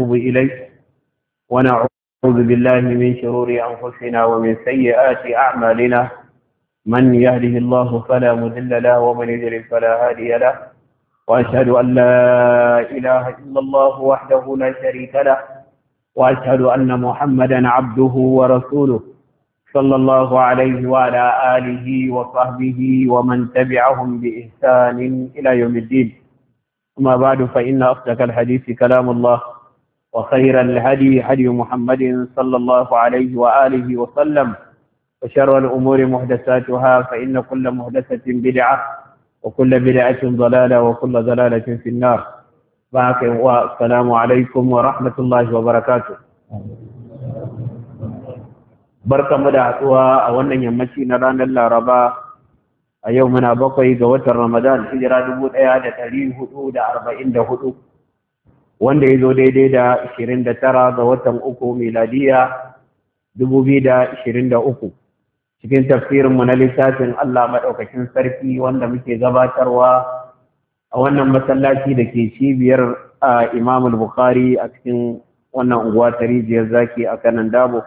ونتوب إليه ونعوذ بالله من شرور أنفسنا ومن سيئات أعمالنا من يهده الله فلا مذل له ومن يذلل فلا هادي له وأشهد أن لا إله إلا الله وحده لا شريك له وأشهد أن محمدا عبده ورسوله صلى الله عليه وعلى آله وصحبه ومن تبعهم بإحسان إلى يوم الدين أما بعد فإن أصدق الحديث كلام الله وخير الهدي هدي محمد صلى الله عليه وآله وسلم وشر الأمور محدثاتها فإن كل محدثة بدعة وكل بدعة ضلالة وكل ضلالة في النار باقي والسلام عليكم ورحمة الله وبركاته بركة مدعتها أولا يمشي نران الله ربا أيومنا بقي قوة رمضان في جراد بود أيادة تليه هدود أربعين هدود wanda ya zo daidai da 29 ga watan uku miladiya 2023 cikin tafsirinmu na littafin Allah maɗaukakin sarki wanda muke gabatarwa a wannan masallaci da ke cibiyar a al bukhari a cikin wannan unguwa ta rijiyar zaki a kanan dabo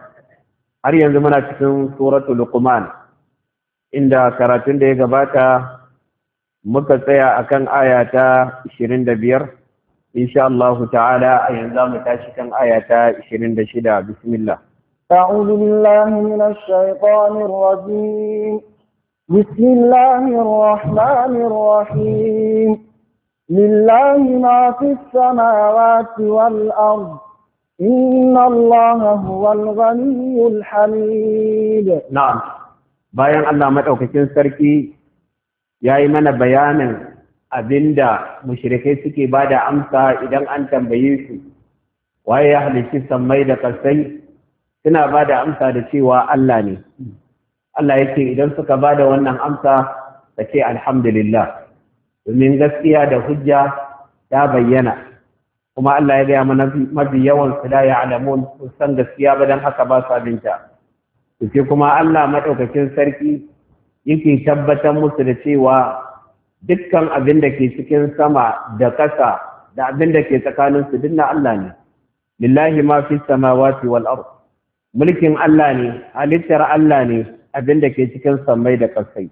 har yanzu muna cikin suratul luqman inda karatun da ya gabata muka tsaya akan aya ta 25 إن شاء الله تعالى ينزام تاشكا آية 26 بسم الله أعوذ بالله من الشيطان الرجيم بسم الله الرحمن الرحيم لله ما في السماوات والأرض إن الله هو الغني الحميد نعم بيان الله ما توقف تنسركي يا إيمان بيانا Abin da mushrikai suke ba da amsa idan an tambaye su waye ya halicci sammai da kasai suna ba da amsa da cewa Allah ne Allah yake idan suka ba da wannan amsa ka ce alhamdulillah domin gaskiya da hujja ta bayyana kuma Allah ya gaya mana mafi yawan su da ya alamu san gaskiya ba don haka ba su abinta kuma Allah maɗaukakin sarki yake tabbatar musu da cewa dukkan abin da ke cikin sama da ƙasa da abin da ke tsakanin su dinna Allah ne lillahi ma fi samawati wal ard mulkin Allah ne halittar Allah ne abin da ke cikin samai da ƙasai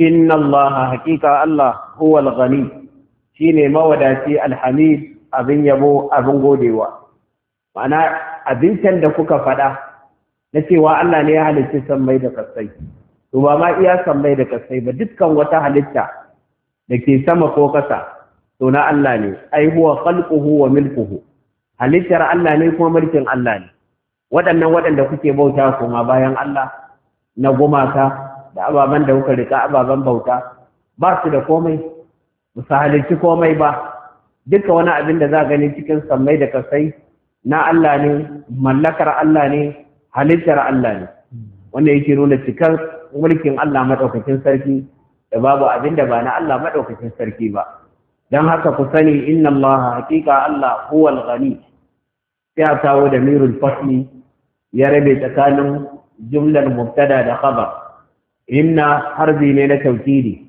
inna Allah haqiqa Allah huwa al-ghani shine mawadaci al abin yabo abin godewa ma'ana abincin da kuka faɗa na cewa Allah ne ya halitta sammai da ƙasai to ba ma iya sammai da ƙasai ba dukkan wata halitta da ke sama ko ƙasa to na Allah ne aihuwa huwa khalquhu wa milkuhu halittar Allah ne kuma mulkin Allah ne waɗannan waɗanda kuke bauta kuma bayan Allah na gumaka da ababen da kuka rika ababen bauta ba su da komai ba su komai ba duka wani abin da za gani cikin sammai da kasai na Allah ne mallakar Allah ne halittar Allah ne wanda yake nuna cikar mulkin Allah maɗaukakin sarki da babu abin da ba na Allah maɗaukacin sarki ba dan haka ku sani inna Allah Haƙiƙa! Allah huwal ghani sai a kawo da mirul fasli ya rabe tsakanin jumlar mubtada da khabar inna harbi ne na tawkidi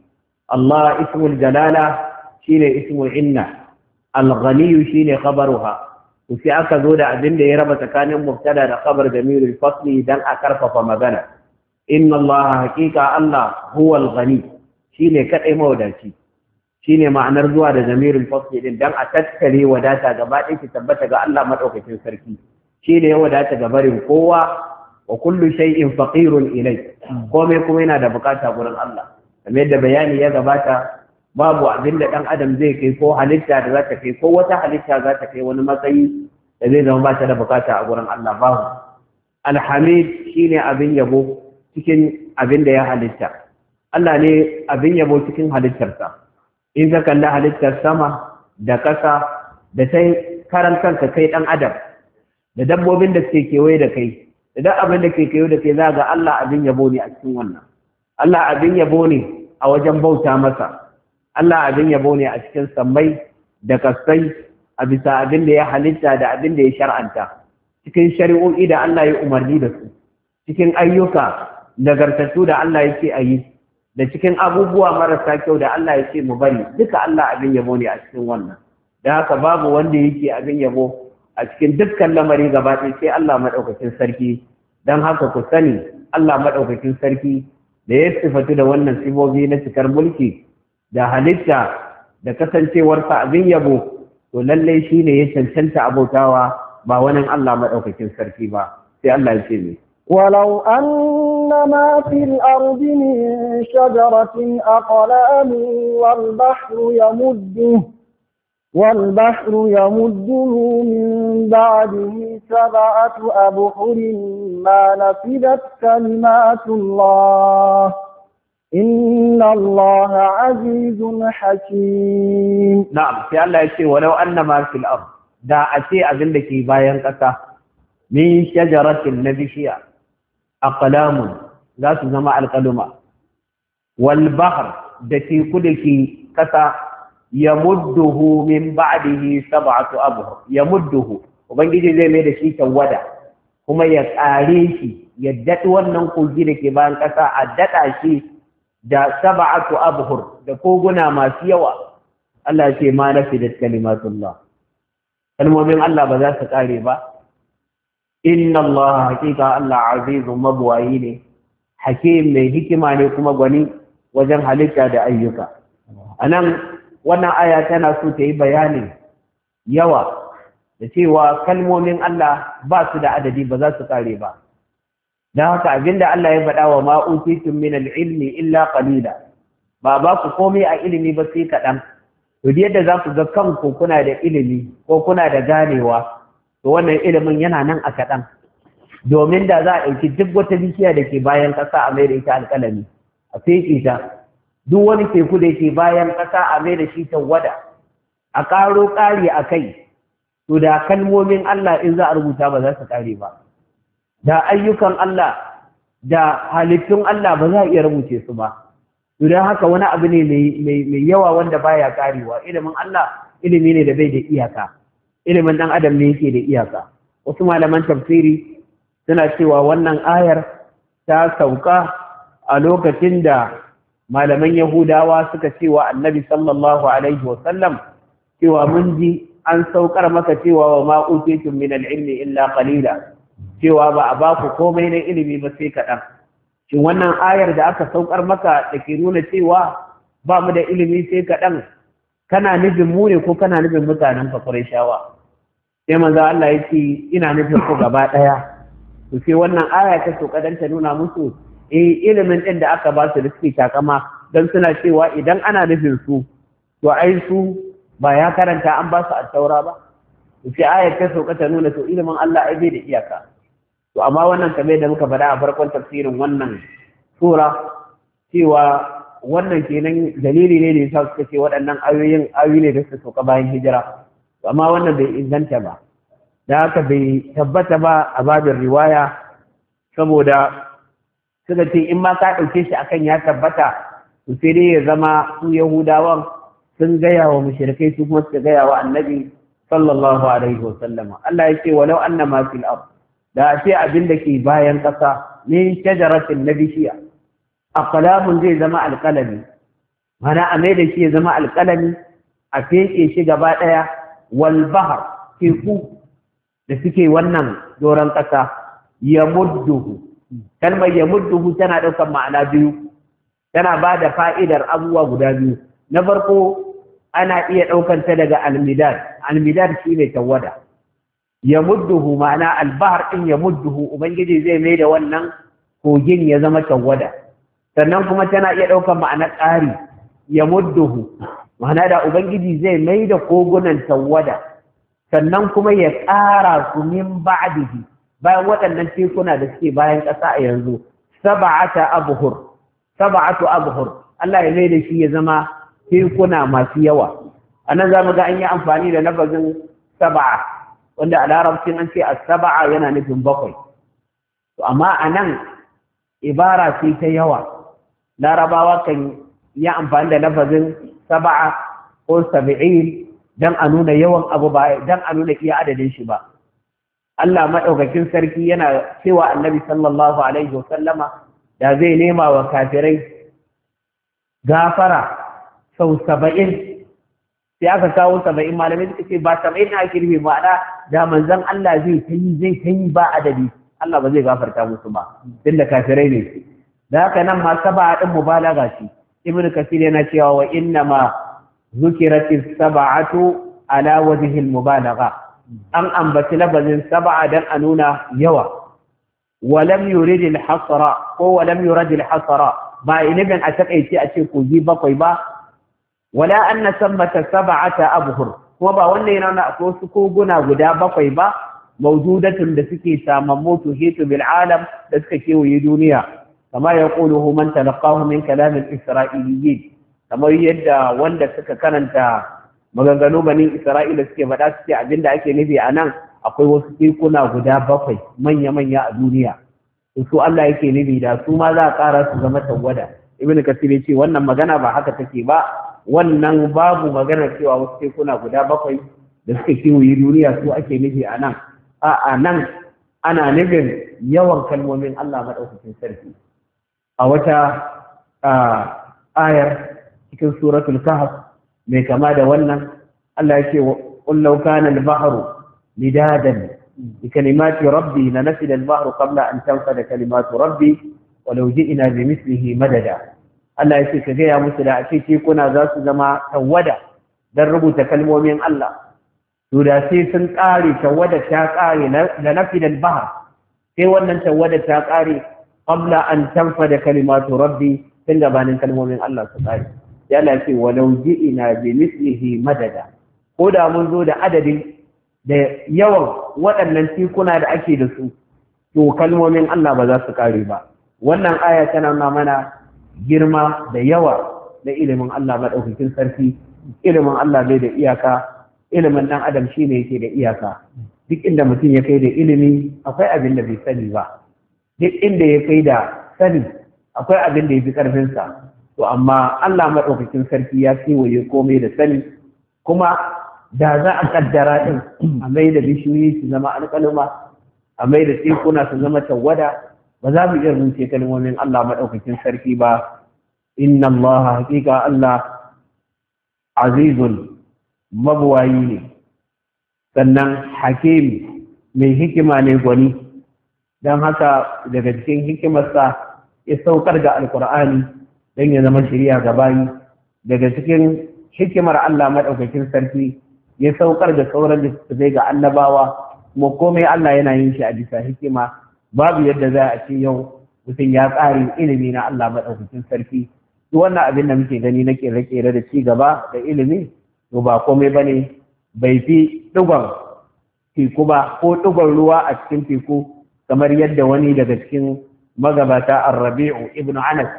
Allah ismul jalala ne ismul inna al-ghani shine khabaruha Ku sai aka zo da abin da ya raba tsakanin mubtada da khabar da mirul fasli dan a ƙarfafa magana inna Allah Haƙiƙa! Allah huwal ghani Shi ne kadai mawadaci shi ne ma'anar zuwa da zamirin fasli din dan a tattare wadata gaba ɗaya ki tabbata ga Allah maɗaukacin sarki Shi ne ya wadata ga barin kowa wa kullu shay'in faqirun ilai komai kuma yana da bukata gurin Allah kamar yadda bayani ya gabata babu abin da ɗan adam zai kai ko halitta da za ta kai ko wata halitta za ta kai wani matsayi da zai zama ba ta da bukata a gurin Allah babu alhamid shine abin yabo cikin abin da ya halitta Allah ne abin yabo cikin halittarsa in ka kalli halittar sama da ƙasa da sai karan kanka kai ɗan adam da dabbobin da suke kewaye da kai da duk abin da ke kewaye da kai za ga Allah abin yabo ne a cikin wannan Allah abin yabo ne a wajen bauta masa Allah abin yabo ne a cikin sammai da kasai a bisa abin da ya halitta da abin da ya shar'anta cikin shari'o'i da Allah ya umarni da su cikin ayyuka nagartattu da Allah yake a yi da cikin abubuwa marasa kyau da Allah ya ce mu bari duka Allah abin yabo ne a cikin wannan da haka babu wanda yake abin yabo a cikin dukkan lamari gaba ɗaya sai Allah madaukakin sarki dan haka ku sani Allah madaukakin sarki da ya sifatu da wannan sibobi na cikar mulki da halitta da kasancewarsa abin yabo to lallai shine ya cancanta abotawa ba wani Allah madaukakin sarki ba sai Allah ya ce ne walau an ما في الأرض من شجرة أقلام والبحر يمده والبحر يمده من بعده سبعة أبحر ما نفذت كلمات الله إن الله عزيز حكيم نعم في الله يشي ولو أن ما في الأرض دا أتي ce abin من شجرة bayan ƙasa aqlamun za su zama alqaluma wal bahr da teku da ke kasa yamudduhu min ba'dihi sab'atu abhur yamudduhu ubangiji zai mai da shi tawada kuma ya tsare shi ya daɗi wannan kogi da ke bayan ƙasa a daɗa shi da saba'atu abhur da koguna masu yawa Allah ce ma nafi da kalimatullah kalmomin Allah ba za su ƙare ba inna Allah hakika Allah azizun mabuwayi ne hakim mai hikima ne kuma gwani wajen halitta da ayyuka anan wannan aya tana so ta yi bayani yawa da cewa kalmomin Allah ba su da adadi ba za su kare ba don haka abinda Allah ya faɗa wa ma'utitun min al illa qalila ba ba ku komai a ilimi ba sai kaɗan to yadda za ku ga kanku kuna da ilimi ko kuna da ganewa to wannan ilimin yana nan a kaɗan domin da za a ɗauki duk wata bishiya da ke bayan ƙasa a mai da ita alƙalami a feƙe ta duk wani teku da ke bayan ƙasa a mai da shi tawada a ƙaro ƙari a kai to da kalmomin Allah in za a rubuta ba za su ƙare ba da ayyukan Allah da halittun Allah ba za a iya rubuce su ba to don haka wani abu ne mai yawa wanda baya karewa, ilimin Allah ilimi ne da bai da iyaka ilimin ɗan adam ne yake da iyaka wasu malaman tafsiri suna cewa wannan ayar ta sauka a lokacin da malaman yahudawa suka cewa annabi sallallahu alaihi wasallam cewa mun ji an saukar maka cewa wa ma utitum min al-ilmi illa qalila cewa ba a ba ku komai na ilimi ba sai kaɗan shin wannan ayar da aka saukar maka da ke nuna cewa ba mu da ilimi sai kaɗan kana nufin mu ne ko kana nufin mutanen shawa? sai manzo Allah ya ce ina nufin ku gaba ɗaya to sai wannan aya ta so kadan ta nuna musu eh ilimin ɗin da aka ba su da suke takama dan suna cewa idan ana nufin su to ai su ba ya karanta an ba su taura ba to sai aya ta so ta nuna to ilimin Allah ai bai da iyaka to amma wannan kamar da muka faɗa a farkon tafsirin wannan sura cewa wannan kenan dalili ne da yasa suka ce waɗannan ayoyin ayoyi ne da suka sauka bayan hijira amma wannan bai inganta ba da haka bai tabbata ba a babin riwaya saboda suka ce in ma ka ɗauke shi akan ya tabbata to sai dai ya zama su yahudawan sun gaya wa mushrikai su kuma suka gaya wa annabi sallallahu alaihi wasallam Allah ya ce walau anna ma fil ard da sai abin da ke bayan ƙasa ne shajaratin nabishiya aqlamun zai zama alqalami mana a mai da shi ya zama alqalami a feke shi gaba ɗaya Walbahar teku da suke wannan doron ƙasa ya mudduhu kalmar ya mudduhu tana ɗaukar ma'ana biyu tana ba da fa'idar abubuwa guda biyu na farko ana iya ɗaukar ta daga almidad almidad shi ne tawada ya mudduhu ma'ana albahar ɗin ya mudduhu ubangiji zai mai da wannan kogin ya zama tawada sannan kuma tana iya ɗaukar ma'ana ƙari ya mudduhu ma'ana da ubangiji zai mai da kogunan tawada sannan kuma ya ƙara su min ba'dihi bayan waɗannan tekuna da suke bayan ƙasa a yanzu sab'ata abhur sab'atu abhur Allah ya mai da shi ya zama tekuna masu yawa anan zamu ga an yi amfani da nabazin sab'a wanda a larabcin an ce as-sab'a yana nufin bakwai to amma anan ibara ce ta yawa larabawa kan ya amfani da lafazin saba'a ko sabi'in dan a nuna yawan abu ba dan a nuna iya adadin shi ba Allah madaukakin sarki yana cewa Annabi sallallahu alaihi wasallama da zai nema wa kafirai gafara sau saba'in sai aka kawo saba'in malamai suka ce ba saba'in na ake rufe ma'ana da manzon Allah zai ta yi zai ta yi ba adadi Allah ba zai gafarta musu ba tunda kafirai ne da haka nan ma saba din mubalaga ce ibn kasir yana cewa wa inna ma zukiratis sab'atu ala wajhi al-mubalagha an ambaci labazin sab'a dan a nuna yawa walam yurid al-hasra ko walam yurid al-hasra ba inibin a takaice a ce kogi bakwai ba wala anna sammata sab'ata abhur kuma ba wannan yana na ko su koguna guda bakwai ba mawjudatun da suke samammu tuhitu bil alam da suka kewaye duniya kama ya ƙulu man talaqahu kalamin isra'iliyyin kamar yadda wanda suka karanta maganganu banin isra'ila suke faɗa suke abinda ake nufi a nan akwai wasu tekuna guda bakwai manya-manya a duniya su Allah yake nufi da su ma za a ƙara su zama tawwada ibn kasir ya ce wannan magana ba haka take ba wannan babu magana cewa wasu tekuna guda bakwai da suka kewaye duniya su ake nufi a nan a nan ana nufin yawan kalmomin Allah maɗaukakin sarki a wata ayar cikin suratul kahf mai kama da wannan Allah yake qul kana al-bahru midadan bi kalimati rabbi la nafida al-bahru qabla an tanfada kalimatu rabbi walau ji'na bi mithlihi madada Allah yake ka gaya musu da ake ce kuna za su zama tawada dan rubuta kalmomin Allah to da sai sun kare tawada ta kare la nafida al-bahr sai wannan tawada ta kare qabla an tanfada kalimatu rabbi tun gabanin kalmomin Allah su tsari ya lafi walau ji'ina bi mislihi madada ko da mun zo da adadin da yawan waɗannan tikuna da ake da su to kalmomin Allah ba za su kare ba wannan aya tana nuna mana girma da yawa na ilimin Allah maɗaukakin sarki ilimin Allah bai da iyaka ilimin dan adam shine yake da iyaka duk inda mutum ya kai da ilimi akwai abin da bai sani ba duk inda ya kai da sani akwai abin da ya fi ƙarfinsa to amma Allah maɗaukakin sarki ya kewaye komai da sani kuma da za a ƙaddara ɗin a mai da bishiyoyi su zama alƙaluma a mai da tsekuna su zama tawada ba za mu iya rubuce kalmomin Allah maɗaukakin sarki ba inna Allah haƙiƙa Allah azizun mabuwayi ne sannan hakim mai hikima ne gwani don haka daga cikin hikimarsa ya saukar da alkur'ani don ya zama shirya ga bayi daga cikin hikimar Allah maɗaukakin sarki ya saukar da sauran da suke ga annabawa kuma komai Allah yana yin shi a bisa hikima babu yadda za a ce yau mutum ya tsari ilimi na Allah maɗaukakin sarki duk wannan abin da muke gani na kere-kere da ci gaba da ilimi to ba komai bane bai fi ɗigon teku ba ko ɗigon ruwa a cikin teku kamar yadda wani daga cikin magabata ar-rabi'u ibnu anas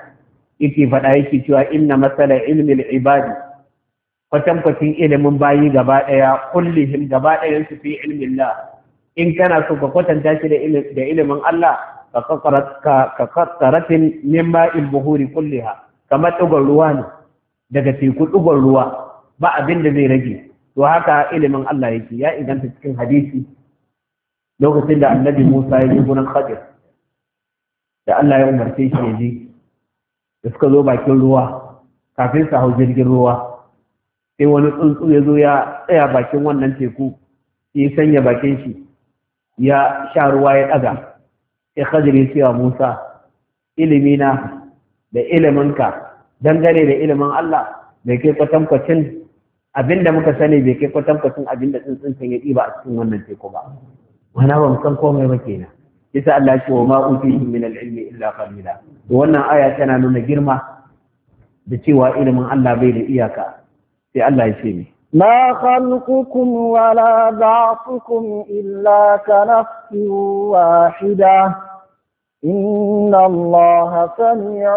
yake faɗa yake cewa inna masala ilmin ibadi kwatankwacin ilimin bayi gaba ɗaya kullihim gaba ɗayan su fi ilmin in kana so ka kwatanta shi da ilimin Allah ka kakkaratin min ma'il buhuri kulliha kamar ɗugar ruwa ne daga teku ɗugar ruwa ba abin da zai rage to haka ilimin Allah yake ya inganta cikin hadisi lokacin da annabi Musa ya je gurin Khadir da Allah ya umarce shi ya je da suka zo bakin ruwa kafin su hau jirgin ruwa sai wani tsuntsu ya zo ya tsaya bakin wannan teku ya sanya bakin shi ya sha ruwa ya ɗaga sai Khadir ya ce wa Musa ilimina da iliminka dangane da ilimin Allah bai kai kwatankwacin abinda muka sani bai kai kwatankwacin abinda tsuntsun ya ɗiba a cikin wannan teku ba mana ba mu komai ba kenan yasa Allah ya ce wa ma utihim min al-ilmi illa qalila wannan aya tana nuna girma da cewa ilimin Allah bai da iyaka sai Allah ya ce ni ما خلقكم ولا بعثكم إلا كنفس واحدة إن الله سميع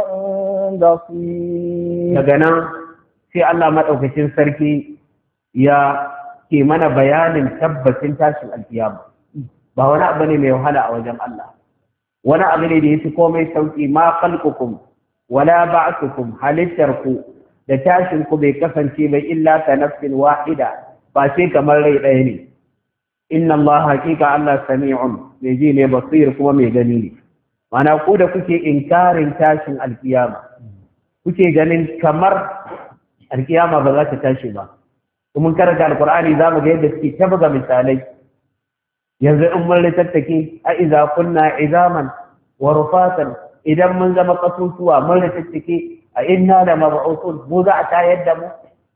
بصير دغنا في الله مدوكشين سركي يا كي mana bayanin tabbacin tashin alkiyama ba wani abu ne mai wahala a wajen Allah wani abu ne da yafi komai sauki ma khalqukum wala ba'thukum halittar ku da tashin ku bai kasance bai illa ka nafsin wahida ba sai kamar rai daya ne inna Allah haqiqa Allah sami'un mai ji ne basir kuma mai gani ne mana ko da kuke inkarin tashin alkiyama kuke ganin kamar alkiyama ba za ta tashi ba kuma karanta alkur'ani za mu ga yadda suke ta buga misalai yanzu in mun litattake a iza kunna izaman wa rufatan idan mun zama kasusuwa mun litattake a inna da mab'usun mu za a tayar da mu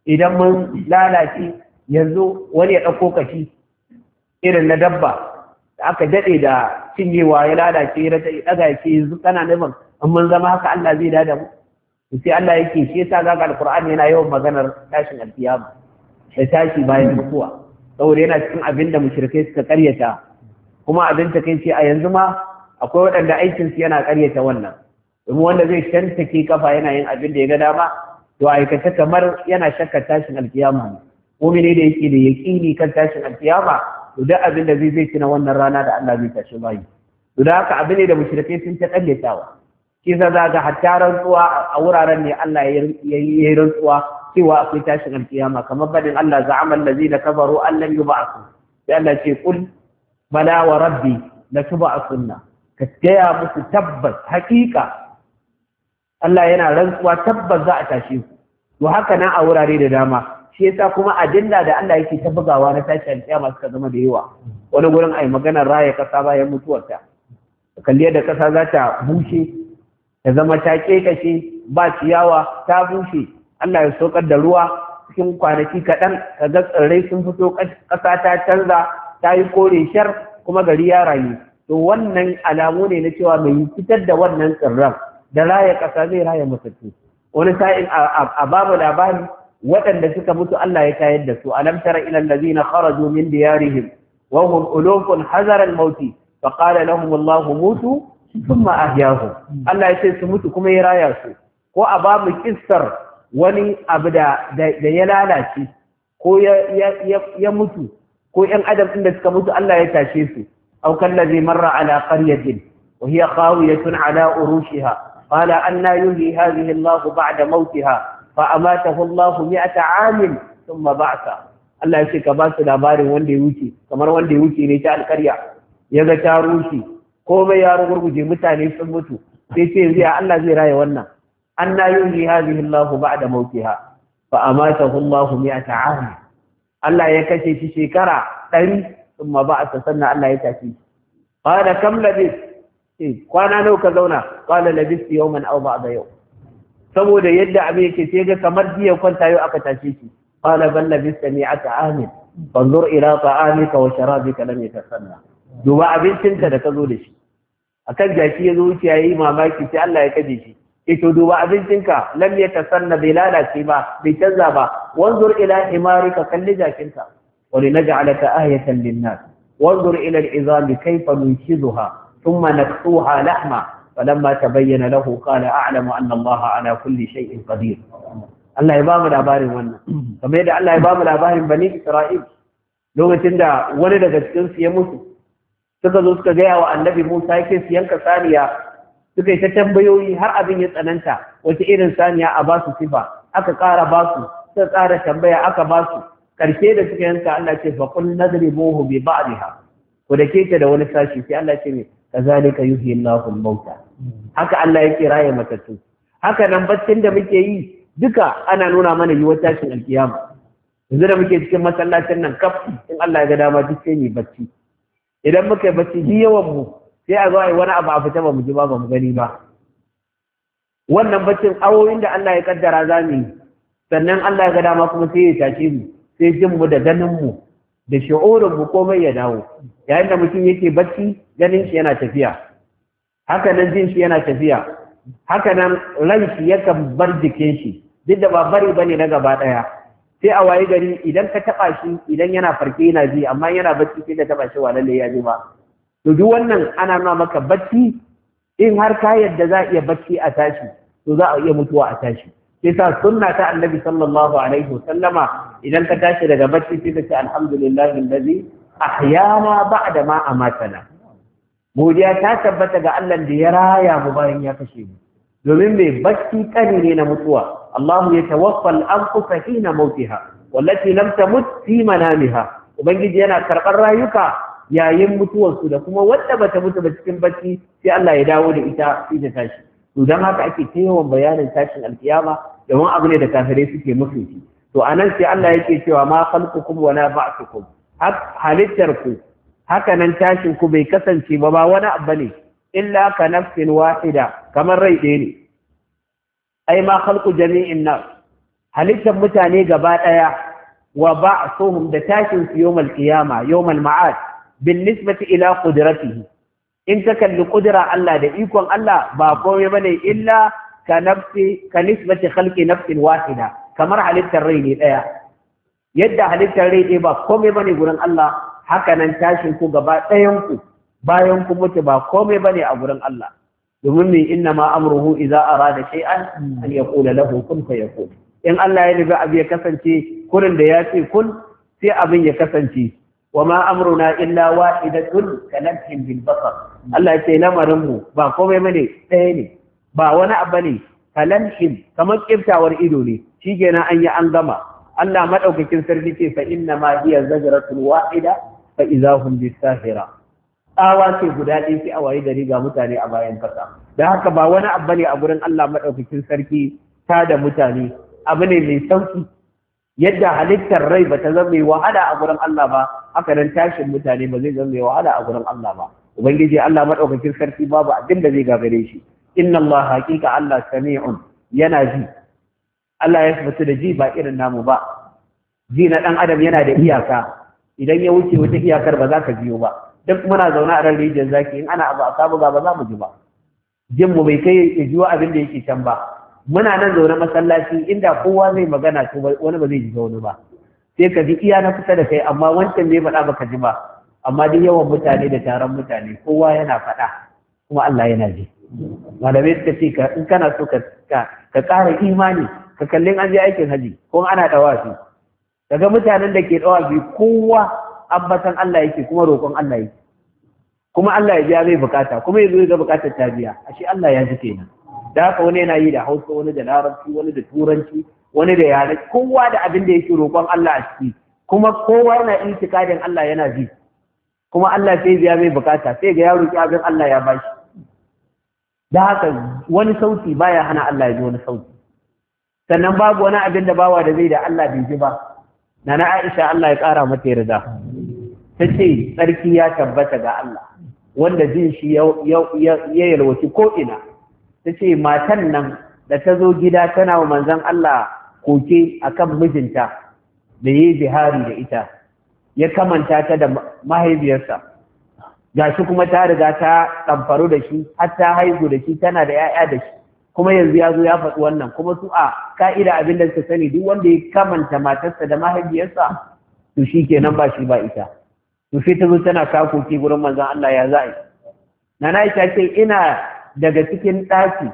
idan mun lalace yanzu wani ya ɗauko kashi irin na dabba da aka dade da cinyewa ya lalace ya ɗaga daga yanzu kana nufin in mun zama haka Allah zai dada mu sai Allah yake shi yasa ga alqur'ani yana yawan maganar tashin alqiyama da tashi bayan mutuwa saboda yana cikin abin da mushrikai suka karyata kuma abin ta kai ce a yanzu ma akwai waɗanda aikin su yana karyata wannan domin wanda zai shantake kafa yana yin abin da ya ga dama to aikace kamar yana shakka tashin alkiyama ne mumini da yake da yaqini kan tashin alkiyama to duk abin da zai zai tuna wannan rana da Allah zai tashi bayi to da haka abin ne da mushrikai sun ta karyatawa kisa za ga hatta rantsuwa a wuraren ne Allah ya yi rantsuwa cewa akwai tashin alkiyama kamar badin Allah za'ama allazina kabaru an lam yub'athu sai Allah ce kul bala wa rabbi na la suna. ka gaya musu tabbas hakika Allah yana rantsuwa tabbas za a tashe ku to haka nan a wurare da dama shi yasa kuma a adilla da Allah yake ta bugawa na tashin alkiyama suka zama da yawa wani gurin ai maganar raya kasa bayan mutuwarta kalli yadda kasa za ta bushe ta zama ta kekashe ba ciyawa ta bushe Allah ya saukar da ruwa cikin kwanaki kaɗan ga tsirrai sun fito ƙasa ta canza ta yi kore shar kuma gari ya rayu to wannan alamu ne na cewa mai fitar da wannan tsirran da raya ƙasa zai raya masarki wani sa'in a babu labari waɗanda suka mutu Allah ya tayar da su alam tara ila allazina kharaju min diyarihim wa hum ulufun hazara al-maut fa qala lahum Allah mutu thumma ahyahum Allah ya ce su mutu kuma ya raya su ko a babu kissar wani abu da ya lalace ko ya mutu ko ‘yan adam inda suka mutu Allah ya tashe su, aukan lazi marra ala ƙaryatin, wa hiya khawiyatun ala urushiha, qala anna yuhyi hadhihi Allahu ba'da mautiha fa amatahu Allahu mi'ata 'amin thumma ba'atha. Allah ya ce ka ba su labarin wanda ya wuce, kamar wanda ya wuce ne ta alƙarya, ya ga ta rushe, komai ya rugurguje mutane sun mutu, sai ce yanzu a Allah zai raya wannan. anna yuhyi hadhihi Allah ba'da mautiha fa amatahu Allah 100 am Allah ya kashe shi shekara 100 thumma ba'atha sanna Allah ya tafi qala kam labis kwana nawa ka zauna qala labis yawman aw ba'da yawm saboda yadda abin yake sai ga kamar jiya kwanta yau aka tashi shi qala bal labis sami'ata amin fanzur ila ta'amika wa sharabika lam yatasanna duba abincinka da ka zo da shi akan jaki ya zo wuce yayi mamaki sai Allah ya kaje shi ito eh, duba abincinka lam ya tasanna bai lalace ba bai canza ba wanzur ila himarika kalli jakinka wa linaj'alaka ayatan lin-nas wanzur ila al-izam kayfa nunshizuha thumma naqtuha lahma falamma tabayyana lahu qala a'lamu anna Allah ala kulli shay'in qadir Allah ya ba mu labarin wannan kamar yadda Allah ya ba mu labarin bani Isra'il lokacin da wani daga cikin su ya mutu suka zo suka gaya wa Annabi Musa yake siyan saniya. suka yi ta tambayoyi har abin ya tsananta wata irin saniya a basu sifa aka ƙara basu suka ƙara tambaya aka basu ƙarshe da suka yanka Allah ce fa qul nadribuhu bi ba'dha ku da ta da wani sashi sai Allah ce me kazalika yuhyi Allahu al-mauta haka Allah yake raye matattu haka nan baccin da muke yi duka ana nuna mana yiwuwar tashin alkiyama yanzu da muke cikin masallacin nan kaf in Allah ya ga dama duk sai mu bacci idan muka yi bacci duk yawan mu sai a zuwa wani abu a fita ba mu ji ba ba mu gani ba wannan baccin awoyin da Allah ya kaddara za mu yi sannan Allah ya ga dama kuma sai ya tashi mu sai jin mu da ganin mu da shi'urin mu komai ya dawo yayin da mutum yake bacci ganin shi yana tafiya haka nan jin shi yana tafiya haka nan ran shi yakan bar jikin shi duk da ba bari bane na gaba daya sai a waye gari idan ka taba shi idan yana farke yana ji amma yana bacci sai ka taba shi wa lalle ya ji ba to duk wannan ana nuna maka bacci in har ka yadda za a iya bacci a tashi to za a iya mutuwa a tashi yasa sunna ta annabi sallallahu alaihi idan ka tashi daga bacci sai ka ce alhamdulillahi allazi ahyana ba'da ma amatana godiya ta tabbata ga Allah da ya raya mu bayan ya kashe mu domin mai bacci kare ne na mutuwa Allahu ya tawaffa al-anfusa hina mautiha wallati lam tamut fi manamiha ubangiji yana karɓar rayuka yayin mutuwarsu da kuma wadda bata mutu ba cikin bacci sai Allah ya dawo da ita sai ta tashi to dan haka ake ta yawan bayanin tashin alkiyama wani abu ne da kafirai suke mafi shi to anan sai Allah yake cewa ma khalqukum wa la ba'thukum halittar ku haka nan tashin ku bai kasance ba ba wani abu ne illa ka nafsin wahida kamar rai ɗaya ne ai ma khalqu jami'in nas halittar mutane gaba ɗaya wa ba'thuhum da tashin su yawmal qiyama yawmal ma'ad bin nisbati ila qudratihi in ka kalli qudra Allah da ikon Allah ba komai bane illa ka nafsi ka nisbati wahida kamar halittar rai ne daya yadda halittar rai ɗaya ba komai bane gurin Allah haka nan ku gaba ɗayan bayan ku mutu ba komai bane a gurin Allah domin min inna ma amruhu idza arada shay'an an yaqula lahu kun fayakun in Allah ya riga abu ya kasance kurin da ya ce kun sai abin ya kasance wama amruna illa wahidatun kanathin bil Allah ce lamarin ba komai bane ɗaya ne ba wani abu ne kalamhin kamar kiftawar ido ne shikenan an yi an gama Allah madaukakin sarki ce fa inna ma tsawa guda ɗaya a wayi gari mutane a bayan kasa da haka ba wani abu ne a gurin Allah madaukakin sarki ta da mutane abu ne mai sauki yadda halittar rai ba ta zama wahala a gurin Allah ba haka nan tashin mutane ba zai zama wahala a gurin Allah ba ubangiji Allah madaukakin sarki babu abin da zai gagare shi inna Allah haqiqa Allah sami'un yana ji Allah ya fito da ji ba irin namu ba ji na dan adam yana da iyaka idan ya wuce wata iyakar ba za ka biyo ba duk muna zaune a ran rijiyar zaki in ana abu a sabu ba za mu ji ba jin mu bai kai ya jiwa abin da yake can ba muna nan zaune masallaci inda kowa zai magana to wani ba zai ji wani ba sai ka ji iya na kusa da kai amma wancan bai faɗa baka ji ba amma duk yawan mutane da taron mutane kowa yana faɗa kuma Allah yana ji malamai suka ce ka in kana so ka ka ƙara imani ka kalli an je aikin haji ko ana dawafi daga mutanen da ke dawafi kowa ambatan Allah yake kuma roƙon Allah yake kuma Allah ya biya mai bukata kuma ya zo ga bukatar ta biya ashe Allah ya ji kenan da haka wani yana yi da Hausa wani da Larabci wani da Turanci wani da yare kowa da abin da yake roƙon Allah a ciki kuma kowa yana itikadin Allah yana ji kuma Allah sai biya mai bukata sai ga yaro ki abin Allah ya bashi da haka wani sauti baya hana Allah ya ji wani sauti sannan babu wani abin da bawa da zai da Allah bai ji ba nana Aisha Allah ya ƙara mata yarda ta ce tsarki ya tabbata ga Allah wanda jin shi ya yalwaci ko ina ta ce matan nan da ta zo gida tana wa manzon Allah koke a kan mijinta da yi zihari da ita ya kamanta ta da mahaifiyarsa gashi kuma ta riga ta ɗamfaru da shi har ta haihu da shi tana da 'ya'ya da shi kuma yanzu ya zo ya faɗi wannan kuma su a ka'ida abin da suka sani duk wanda ya kamanta matarsa da mahaifiyarsa to shi kenan ba shi ba ita to sai ta zo tana ke gurin manzon Allah ya za'i nana ita ce ina daga cikin ɗaki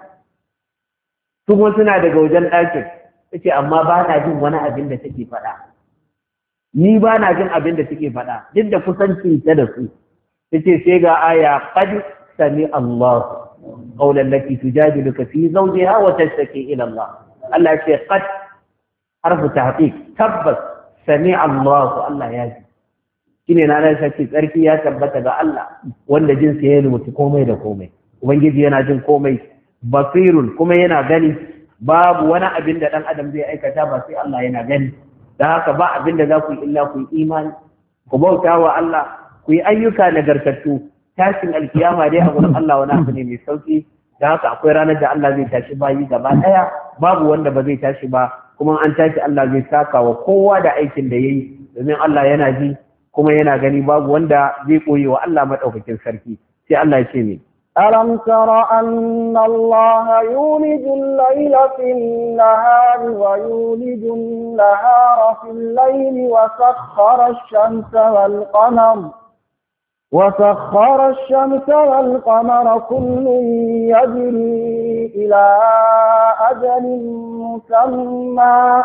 kuma suna daga wajen ɗakin yace amma ba na jin wani abin da take faɗa ni ba na jin abin da take faɗa duk da kusanci ta da su yace sai ga aya qad sami Allah qawlan lati tujadiluka fi zawjiha wa tashtaki ila Allah Allah yace qad harfu tahqiq tabbas sami Allah Allah ya ji shine na nan sai tsarki ya tabbata ga Allah wanda jinsa ya mutu komai da komai ubangiji yana jin komai basirun kuma yana gani babu wani abin da ɗan adam zai aikata ba sai Allah yana gani da haka ba abin da za ku yi illa ku yi imani ku bauta wa Allah ku yi ayyuka nagartattu tashin alkiyama dai a gurin Allah wani abu ne mai sauki da haka akwai ranar da Allah zai tashi bayi gaba ɗaya babu wanda ba zai tashi ba kuma an tashi Allah zai saka wa kowa da aikin da ya yi domin Allah yana ji kuma yana gani babu wanda zai koyi wa Allah maɗaukakin sarki sai Allah ya ce mai ألم تر أن الله يولج الليل في النهار ويولج النهار في الليل وسخر الشمس والقمر وسخر الشمس والقمر كل يجري إلى أجل مسمى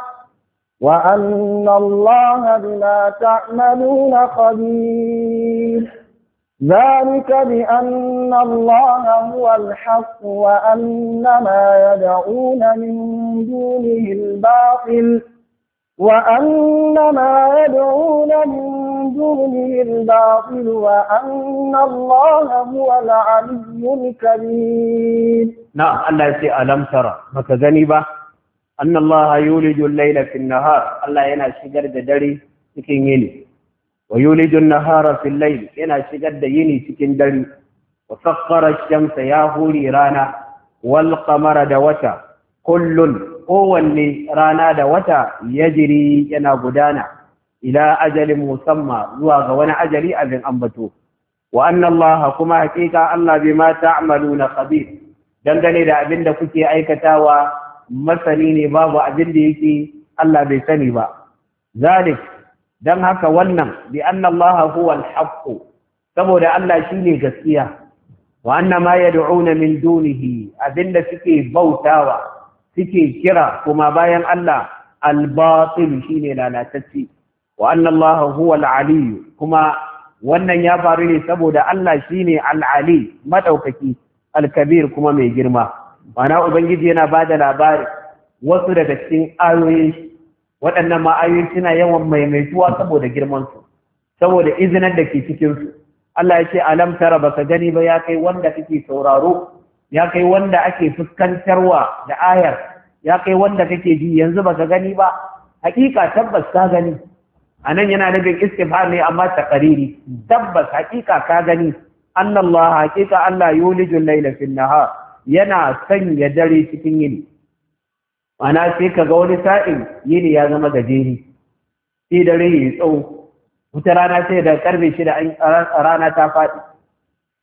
وأن الله بما تعملون خبير ذلك بأن الله هو الحق وأن ما يدعون من دونه الباطل وأن ما يدعون من دونه الباطل وأن الله هو العلي الكبير نعم الله سي ألم ترى مكذنبة أن الله يولج الليل في النهار الله ينا شجر دري cikin yini wa na nahara fil layl yana shigar da yini cikin dare wa sakhkhara shamsa ya huri rana wal qamara da wata kullun kowanne rana da wata yajri yana gudana ila ajalin musamma zuwa ga wani ajali abin ambato wa anna Allah kuma hakika Allah bima ta'maluna khabir dangane da abin da kuke aikatawa masani ne babu abin da yake Allah bai sani ba zalik don haka wannan bi anna Allah huwa al saboda Allah shine gaskiya wa anna ma yad'una min dunihi abinda suke bautawa suke kira kuma bayan Allah al-batil shine lalatacci wa anna huwa al-ali kuma wannan ya faru ne saboda Allah shine al-ali madaukaki al-kabir kuma mai girma ma'ana ubangiji yana bada labari wasu daga cikin ayoyin waɗannan ma suna yawan maimaituwa saboda girmansu saboda izinin da ke cikinsu Allah ya ce alam tara baka gani ba ya kai wanda kake sauraro ya kai wanda ake fuskantarwa da ayar ya kai wanda kake ji yanzu baka gani ba hakika tabbas ka gani A nan yana nufin istifham ne amma taqariri tabbas hakika ka gani annallaha hakika Allah yulijul layla fil nahar yana sanya dare cikin yini ana sai ka ga wani sa'in yini ya zama gajeri sai dare ya tsawo wuta rana sai da karfe shida rana ta faɗi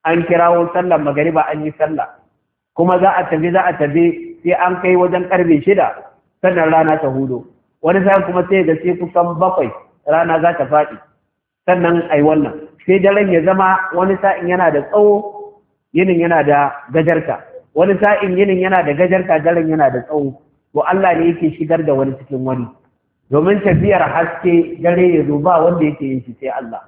an kirawo sallar magariba an yi sallah kuma za a tafi za a tafi sai an kai wajen karfe shida sannan rana ta hudu wani sa'in kuma sai da sai kusan bakwai rana za ta faɗi sannan ai wannan sai daren ya zama wani sa'in yana da tsawo yinin yana da gajarta wani sa'in yinin yana da gajarta daren yana da tsawo to Allah ne yake shigar da wani cikin wani domin tafiyar haske dare ya zo ba wanda yake yin shi sai Allah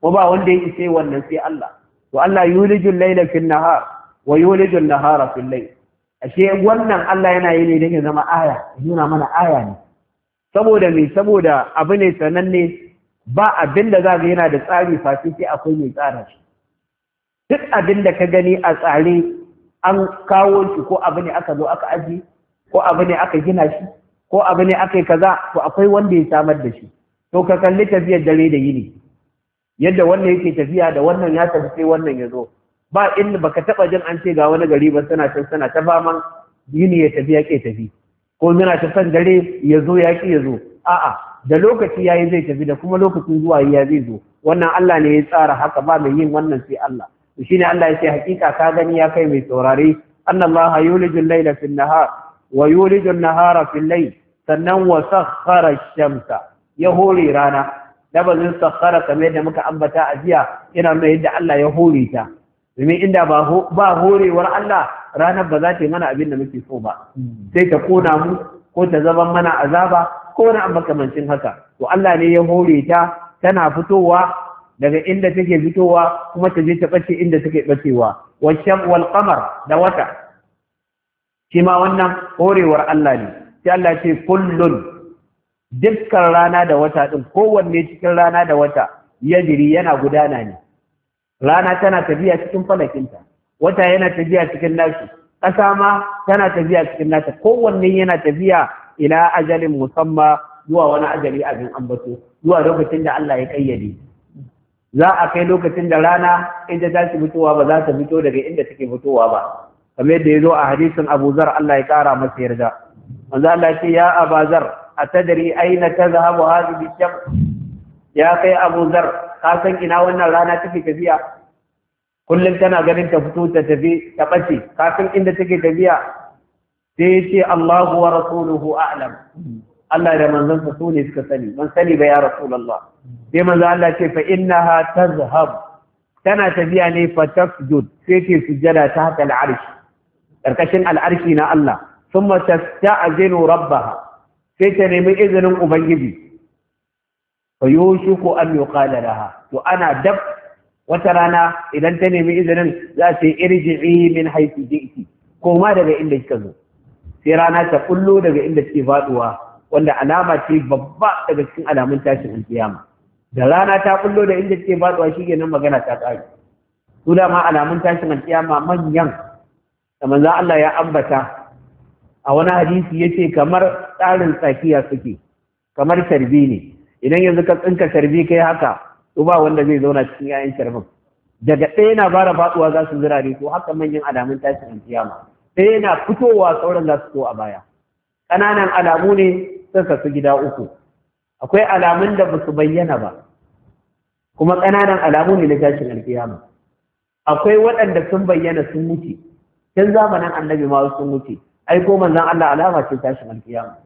ko ba wanda yake sai wannan sai Allah to Allah yulijul layla fil nahar wa yulijul nahara fil layl ashe wannan Allah yana yi ne don ya zama aya nuna mana aya ne saboda me saboda abu ne sananne ba abin da za yana da tsari fasin sai akwai mai tsara shi duk abin da ka gani a tsare an kawo shi ko abu ne aka zo aka aji ko abu ne aka gina shi ko abu ne aka yi kaza to akwai wanda ya samar da shi to ka kalli tafiyar dare da yini yadda wannan yake tafiya da wannan ya tafi sai wannan ya zo ba in baka taba jin an ce ga wani gari ba suna can suna ta faman yini ya tafi ya ke tafi ko muna ta san dare ya zo ya ki ya zo a'a da lokaci yayi zai tafi da kuma lokacin zuwa ya zai zo wannan Allah ne ya tsara haka ba mai yin wannan sai Allah shi shine Allah ya ce hakika ka gani ya kai mai saurare annallaha yulijul laila fil nahar wa yulidu nahara layl sannan wa sakhkhara ash-shamsa ya hore rana dabazin sakhara kamar yadda muka ambata a jiya yana nuna yadda Allah ya hore ta domin inda ba horewar Allah ranar ba za ta yi mana abin da muke so ba sai ta kona mu ko ta zama mana azaba ko wani abu makamancin haka to Allah ne ya hore ta tana fitowa daga inda take fitowa kuma ta je ta bace inda take bacewa wal qamar da wata shi ma wannan horewar Allah ne shi Allah ce kullun dukkan rana da wata din kowanne cikin rana da wata yajiri yana gudana ne rana tana tafiya cikin falakinta wata yana tafiya cikin nasu, ƙasa ma tana tafiya cikin nata kowanne yana tafiya ila ajalin musamma zuwa wani ajali abin ambato zuwa lokacin da Allah ya kayyade za a kai lokacin da rana inda za su fitowa ba za ta fito daga inda take fitowa ba kamar yadda ya zo a hadisin Abu Zar Allah ya kara masa yarda manzo Allah ya ce ya Abazar atadri aina tazhabu hadhihi shams ya kai Abu Zar ka san ina wannan rana take tafiya kullum tana ganin ta fito ta tafi ta bace ka san inda take tafiya sai ya ce Allahu wa rasuluhu a'lam Allah da manzansa su ne suka sani man sani ba ya rasulullah sai manzo Allah ce fa innaha tazhab tana tafiya ne fa tasjud sai ce sujada ta haka al'arsh ƙarƙashin al'arshi na Allah sun ta a zinu rabbaha sai ta nemi izinin ubangiji fa yoshi ko an yi laha to ana dab wata rana idan ta nemi izinin za su yi irji'i min haifi ko koma daga inda kika zo sai rana ta kullo daga inda ke faduwa wanda alama ce babba daga cikin alamun tashin alkiyama da rana ta kullo da inda ke faduwa shi nan magana ta kare su dama alamun tashin alkiyama manyan da za Allah ya ambata a wani hadisi ya ce kamar tsarin tsakiya suke kamar tarbi ne idan yanzu ka tsinka tarbi kai haka to ba wanda zai zauna cikin 'ya'yan tarbin daga ɗaya na bara faɗuwa za su zira ne to haka manyan alamun tashin kiyama ɗaya na fitowa sauran za su a baya ƙananan alamu ne suka su gida uku akwai alamun da ba su bayyana ba kuma ƙananan alamu ne na tashin alkiyama akwai waɗanda sun bayyana sun mutu tun zamanin annabi ma sun wuce ai ko manzon Allah alama ce tashin alkiyama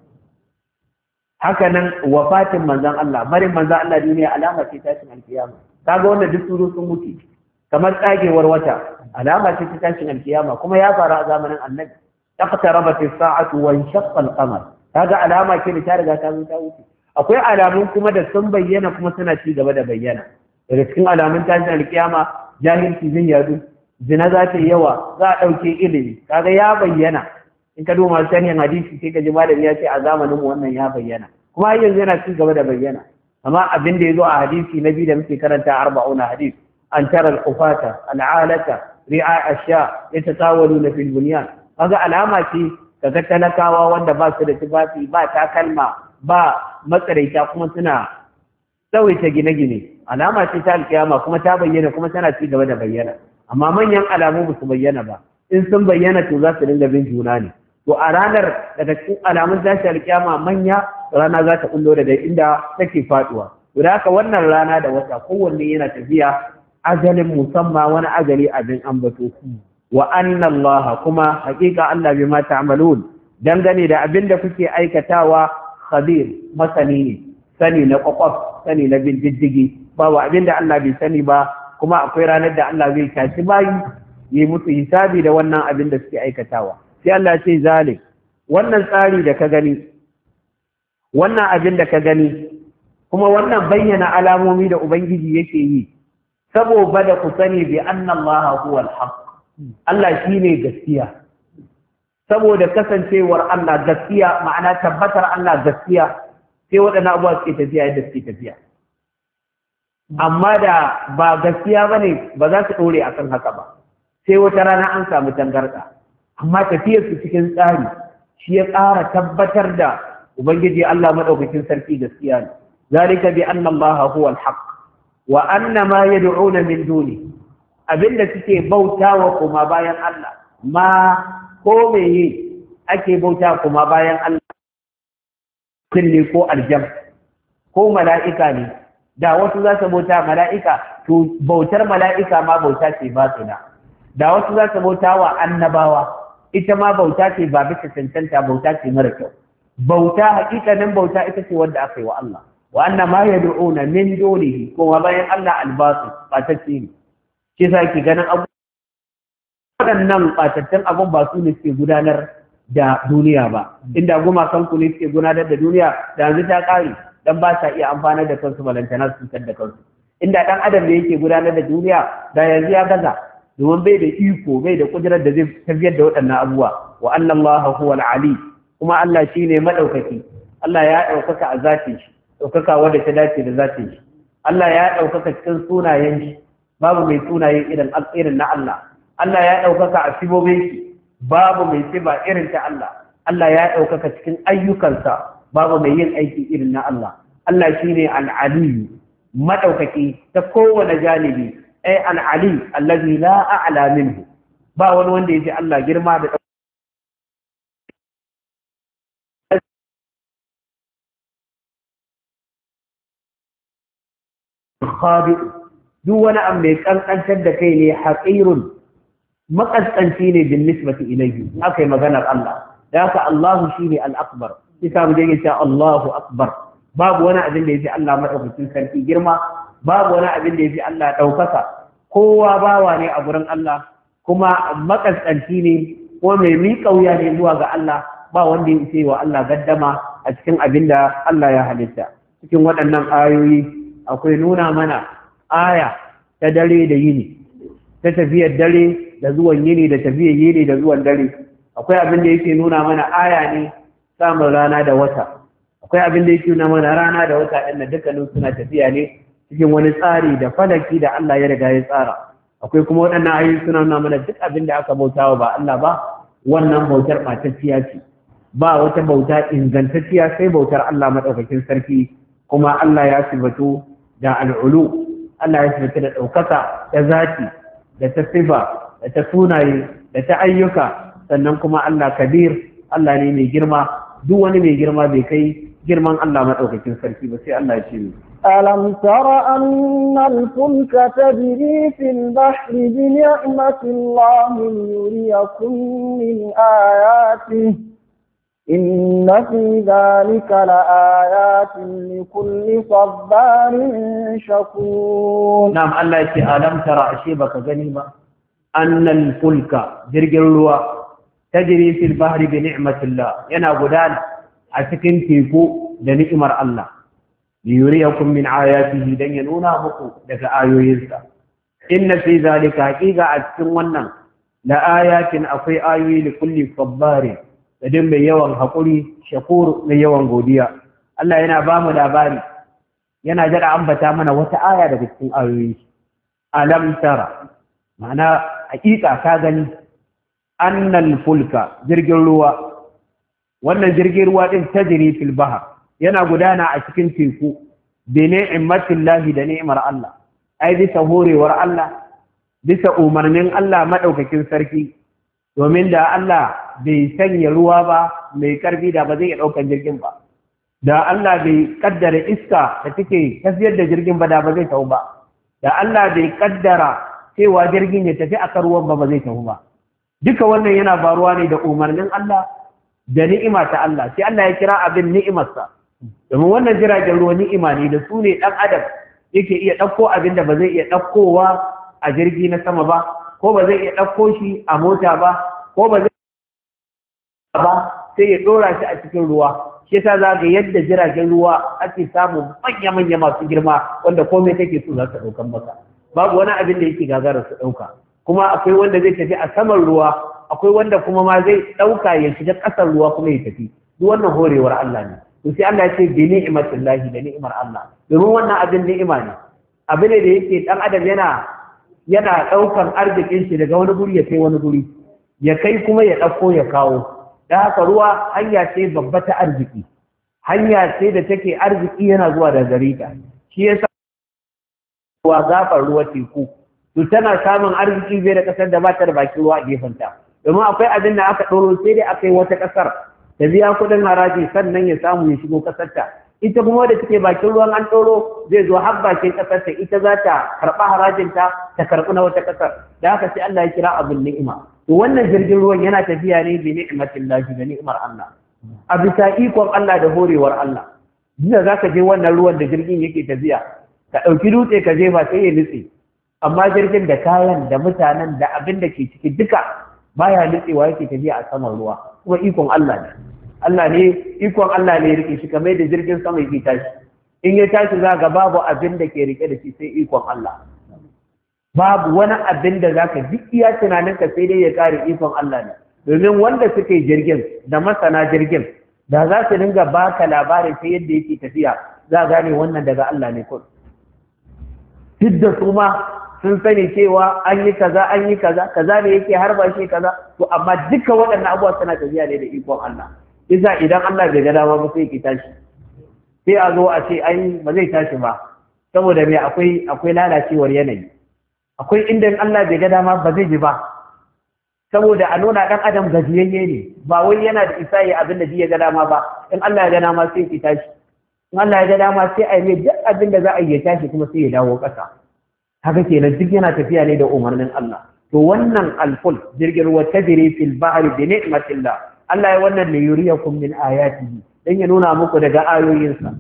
haka nan wafatin manzon Allah barin manzon Allah duniya alama ce tashin alkiyama kaga wannan duk suru sun wuce kamar tsagewar wata alama ce ta tashin alkiyama kuma ya faru a zamanin annabi taqtarabat as-sa'atu wa inshaqqa al-qamar kaga alama ce ta riga ta zo ta wuce akwai alamun kuma da sun bayyana kuma suna ci gaba da bayyana daga cikin alamun tashin alkiyama jahilci zai yadu zina za ta yi yawa za a ɗauke ilimi kaga ya bayyana in ka duba sanin hadisi sai ka ji malami ya ce a zamanin mu wannan ya bayyana kuma har yanzu yana ci gaba da bayyana amma abin da ya zo a hadisi na biyu da muke karanta na hadis an tara al-ufata al-alata ri'a asha yatatawaluna fil bunyan kaga alama ce kaga talakawa wanda ba su da tufafi ba takalma ba matsaraita kuma suna tsawaita gine-gine alama ce ta alkiyama kuma ta bayyana kuma tana ci gaba da bayyana amma manyan alamu ba su bayyana ba in sun bayyana to za su dinga bin juna ne to a ranar daga cikin alamun tashi alkiyama manya rana za ta kullo daga inda take faduwa Guda da haka wannan rana da wata kowanne yana tafiya ajalin musamman wani ajali abin ambato wa anna kuma haƙiƙa Allah bi ta'malun dangane da abin da kuke aikatawa khabir masani ne sani na kwakwaf sani na bin diddigi ba wa abin da Allah bai sani ba kuma akwai ranar da Allah zai tashi bayi yi musu hisabi da wannan abin da suke aikatawa sai Allah ce zalik wannan tsari da ka gani wannan abin da ka gani kuma wannan bayyana alamomi da ubangiji yake yi saboda ku sani bi annallaha huwal haqq Allah shine gaskiya saboda kasancewar Allah gaskiya ma'ana tabbatar Allah gaskiya sai waɗannan abubuwa suke tafiya yadda suke tafiya amma da ba gaskiya ba ne ba za su ɗore a kan haka ba sai wata rana an samu tangarɗa amma su cikin tsari shi ya ƙara tabbatar da ubangiji Allah maɗaukakin sarki gaskiya ne zalika bi anna Allah huwa al-haq wa anna ma yad'una min duni abinda suke bautawa kuma bayan Allah ma ko meye ake bauta kuma bayan Allah kulli ko aljam ko mala'ika ne da wasu za su bauta mala'ika to bautar mala'ika ma bauta ce ba su da da wasu za su bauta wa annabawa ita ma bauta ce ba bisa cancanta bauta ce mara kyau bauta hakikanin bauta ita ce wanda aka yi wa Allah wa annan ma yad'una min dunihi ma bayan Allah albasu batacce ne ke sa ki ganin abubuwa waɗannan batattun abun ba su ne suke gudanar da duniya ba inda gumakan ku ne suke gudanar da duniya da yanzu ta ƙare dan ba sa iya amfana da kansu balantana su cutar da kansu inda dan adam da yake gudanar da duniya da yanzu ya gaza domin bai da iko bai da kudirar da zai tafiyar da waɗannan abubuwa wa Allah allaha huwal kuma allah shine madaukaki allah ya ɗaukaka a zatin shi ɗaukaka wadda ta dace da zatin shi allah ya ɗaukaka cikin sunayen shi babu mai sunaye irin irin na allah allah ya ɗaukaka a sibobin shi babu mai siba irin ta allah allah ya ɗaukaka cikin ayyukansa babu mai yin aiki irin na Allah Allah shine al-ali madaukaki ta kowane janibi ai al-ali allazi la a'la minhu ba wani wanda yaji Allah girma da khadi duk wani abu mai kankantar da kai ne haqirun makaskanci ne bin nisbati ilayhi yi maganar Allah da haka Allah shine al-akbar isa mu je cewa Allahu akbar babu wani abin da yafi Allah madaukakin sarki girma babu wani abin da ya fi Allah daukaka kowa bawa ne a gurin Allah kuma makasanti ne ko mai miƙa wuya ne zuwa ga Allah ba wanda ya ce wa Allah gaddama a cikin abin da Allah ya halitta cikin waɗannan ayoyi akwai nuna mana aya ta dare da yini ta tafiyar dare da zuwan yini da tafiyar yini da zuwan dare akwai abin da yake nuna mana aya ne samun rana da wata akwai abin da yake nuna mana rana da wata ɗin dukkanin suna tafiya ne cikin wani tsari da falaki da Allah ya riga ya tsara akwai kuma waɗannan ayoyi suna nuna mana duk abin da aka bautawa ba Allah ba wannan bautar matacciya ce ba wata bauta ingantacciya sai bautar Allah madaukakin sarki kuma Allah ya sibatu da al'ulu Allah ya sibatu da ɗaukaka ta zati da ta sifa da ta sunaye da ta ayyuka sannan kuma Allah kabir Allah ne mai girma duk wani mai girma bai kai girman Allah maɗaukakin sarki ba sai Allah ya ce mu ألم تر أن الفلك تجري في البحر بنعمة الله ليريكم من آياته إن في ذلك لآيات لكل صبار شكور نعم الله يتي ألم ترى أشيبك غنيمة أن الفلك جرجل الروا tajri fil bahri bi ni'matillah yana gudana a cikin teku da ni'imar Allah li yuriyakum min ayatihi dan ya nuna muku daga ayoyinsa inna fi zalika haqiqa a cikin wannan la ayatin akwai ayoyi li kulli sabbarin da din mai yawan hakuri shakur mai yawan godiya Allah yana ba mu labari yana jira ambata mana wata aya daga cikin ayoyi alam tara ma'ana haƙiƙa ka gani Annan fulka jirgin ruwa wannan jirgin ruwa din ta fil bahar yana gudana a cikin teku bi da ni'mar Allah ai bisa horewar Allah bisa umarnin Allah madaukakin sarki domin da Allah bai sanya ruwa ba mai karfi da ba zai iya daukan jirgin ba da Allah bai kaddara iska da take tafiyar da jirgin ba da ba zai tafi ba da Allah bai kaddara cewa jirgin ya tafi a ruwan ba ba zai tafi ba duka wannan yana faruwa ne da umarnin Allah da ni'ima ta Allah sai Allah ya kira abin ni'imarsa domin wannan jiragen ruwa ni'ima ne da su ne dan adam yake iya ɗauko abin da ba zai iya ɗaukowa a jirgi na sama ba ko ba zai iya ɗauko shi a mota ba ko ba zai ba sai ya ɗora shi a cikin ruwa shi yasa za ga yadda jiragen ruwa ake samu manya-manya masu girma wanda komai take so za ta ɗaukan maka babu wani abin da yake gagara su ɗauka kuma akwai wanda zai tafi a saman ruwa akwai wanda kuma ma zai ɗauka ya shiga ƙasar ruwa kuma ya tafi duk wannan horewar Allah ne to sai Allah ya ce bi ni'matillahi da ni'imar Allah domin wannan abin ni'ima ne abin ne da yake dan adam yana yana ɗaukan arzikin shi daga wani guri ya kai wani guri ya kai kuma ya ɗauko ya kawo da haka ruwa hanya ce babba ta arziki hanya ce da take arziki yana zuwa da gare ta shi yasa ruwa gafar ruwa teku to tana samun arziki zai da kasar da ba ta da baki ruwa a gefenta domin akwai abin da aka ɗoro sai dai aka yi wata kasar ta biya kuɗin haraji sannan ya samu ya shigo ta. ita kuma da take bakin ruwan an ɗoro zai zo har bakin ta. ita za ta karɓa harajinta ta karɓi na wata kasar da haka sai Allah ya kira abin ni'ima to wannan jirgin ruwan yana tafiya ne bi ni'matin lahi da ni'imar Allah a bisa ikon Allah da horewar Allah jiya za ka je wannan ruwan da jirgin yake tafiya ka ɗauki dutse ka je ba sai ya nutse amma jirgin da kayan da mutanen da abin da ke ciki duka baya nutsewa yake tafiya a saman ruwa kuma ikon Allah ne Allah ne ikon Allah ne rike shi kamar da jirgin sama yake tashi in ya tashi za ga babu abin da ke rike da shi sai ikon Allah babu wani abin da zaka duk iya tunaninka sai dai ya kare ikon Allah ne domin wanda suke jirgin da masana jirgin da za su dinga ba ka labarin sai yadda yake tafiya za gane wannan daga Allah ne kun duk da su ma sun sani cewa an yi kaza an yi kaza kaza ne yake har ba shi kaza to amma duka waɗannan abubuwa suna tafiya ne da ikon Allah isa idan Allah bai ga dama ba sai ki tashi sai a zo a ce ai ba zai tashi ba saboda me akwai akwai lalacewar yanayi akwai inda in Allah bai ga dama ba zai ji ba saboda a nuna dan adam gajiyayye ne ba wai yana da isa ya abin da ya ga dama ba in Allah ya ga dama sai ki tashi in Allah ya ga dama sai a yi duk abin da za a yi ya tashi kuma sai ya dawo ƙasa haka kenan duk yana tafiya ne da umarnin Allah to wannan alful jirgin ruwa tajri fil bahri bi ni'matillah Allah ya wannan ne yuriyakum min ayatihi dan ya nuna muku daga ayoyinsa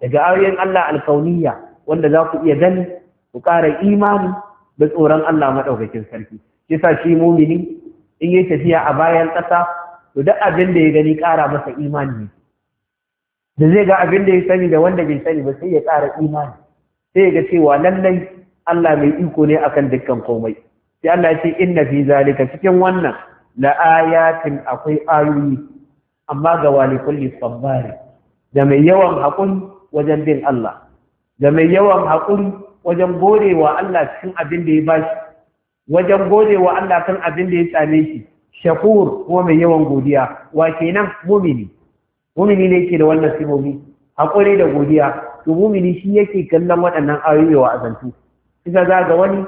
daga ayoyin Allah alkauniya, wanda za ku iya gani ku ƙara imani da tsoron Allah madaukakin sarki yasa shi mumini in yi tafiya a bayan ƙasa to duk abin da ya gani ƙara masa imani da zai ga abin da ya sani da wanda bai sani ba sai ya ƙara imani sai ya ga cewa lallai Allah mai iko ne akan dukkan komai sai Allah ya ce inna fi zalika cikin wannan la ayatin akwai ayoyi amma ga wali kulli sabbari da mai yawan hakuri wajen bin Allah da mai yawan hakuri wajen godewa Allah cikin abin da ya bashi wajen godewa Allah kan abin da ya same shi shakur kuma mai yawan godiya wa kenan mumini mumini ne yake da wannan sifofi hakuri da godiya to mumini shi yake kallon waɗannan ayoyi wa azantu kisa za ga wani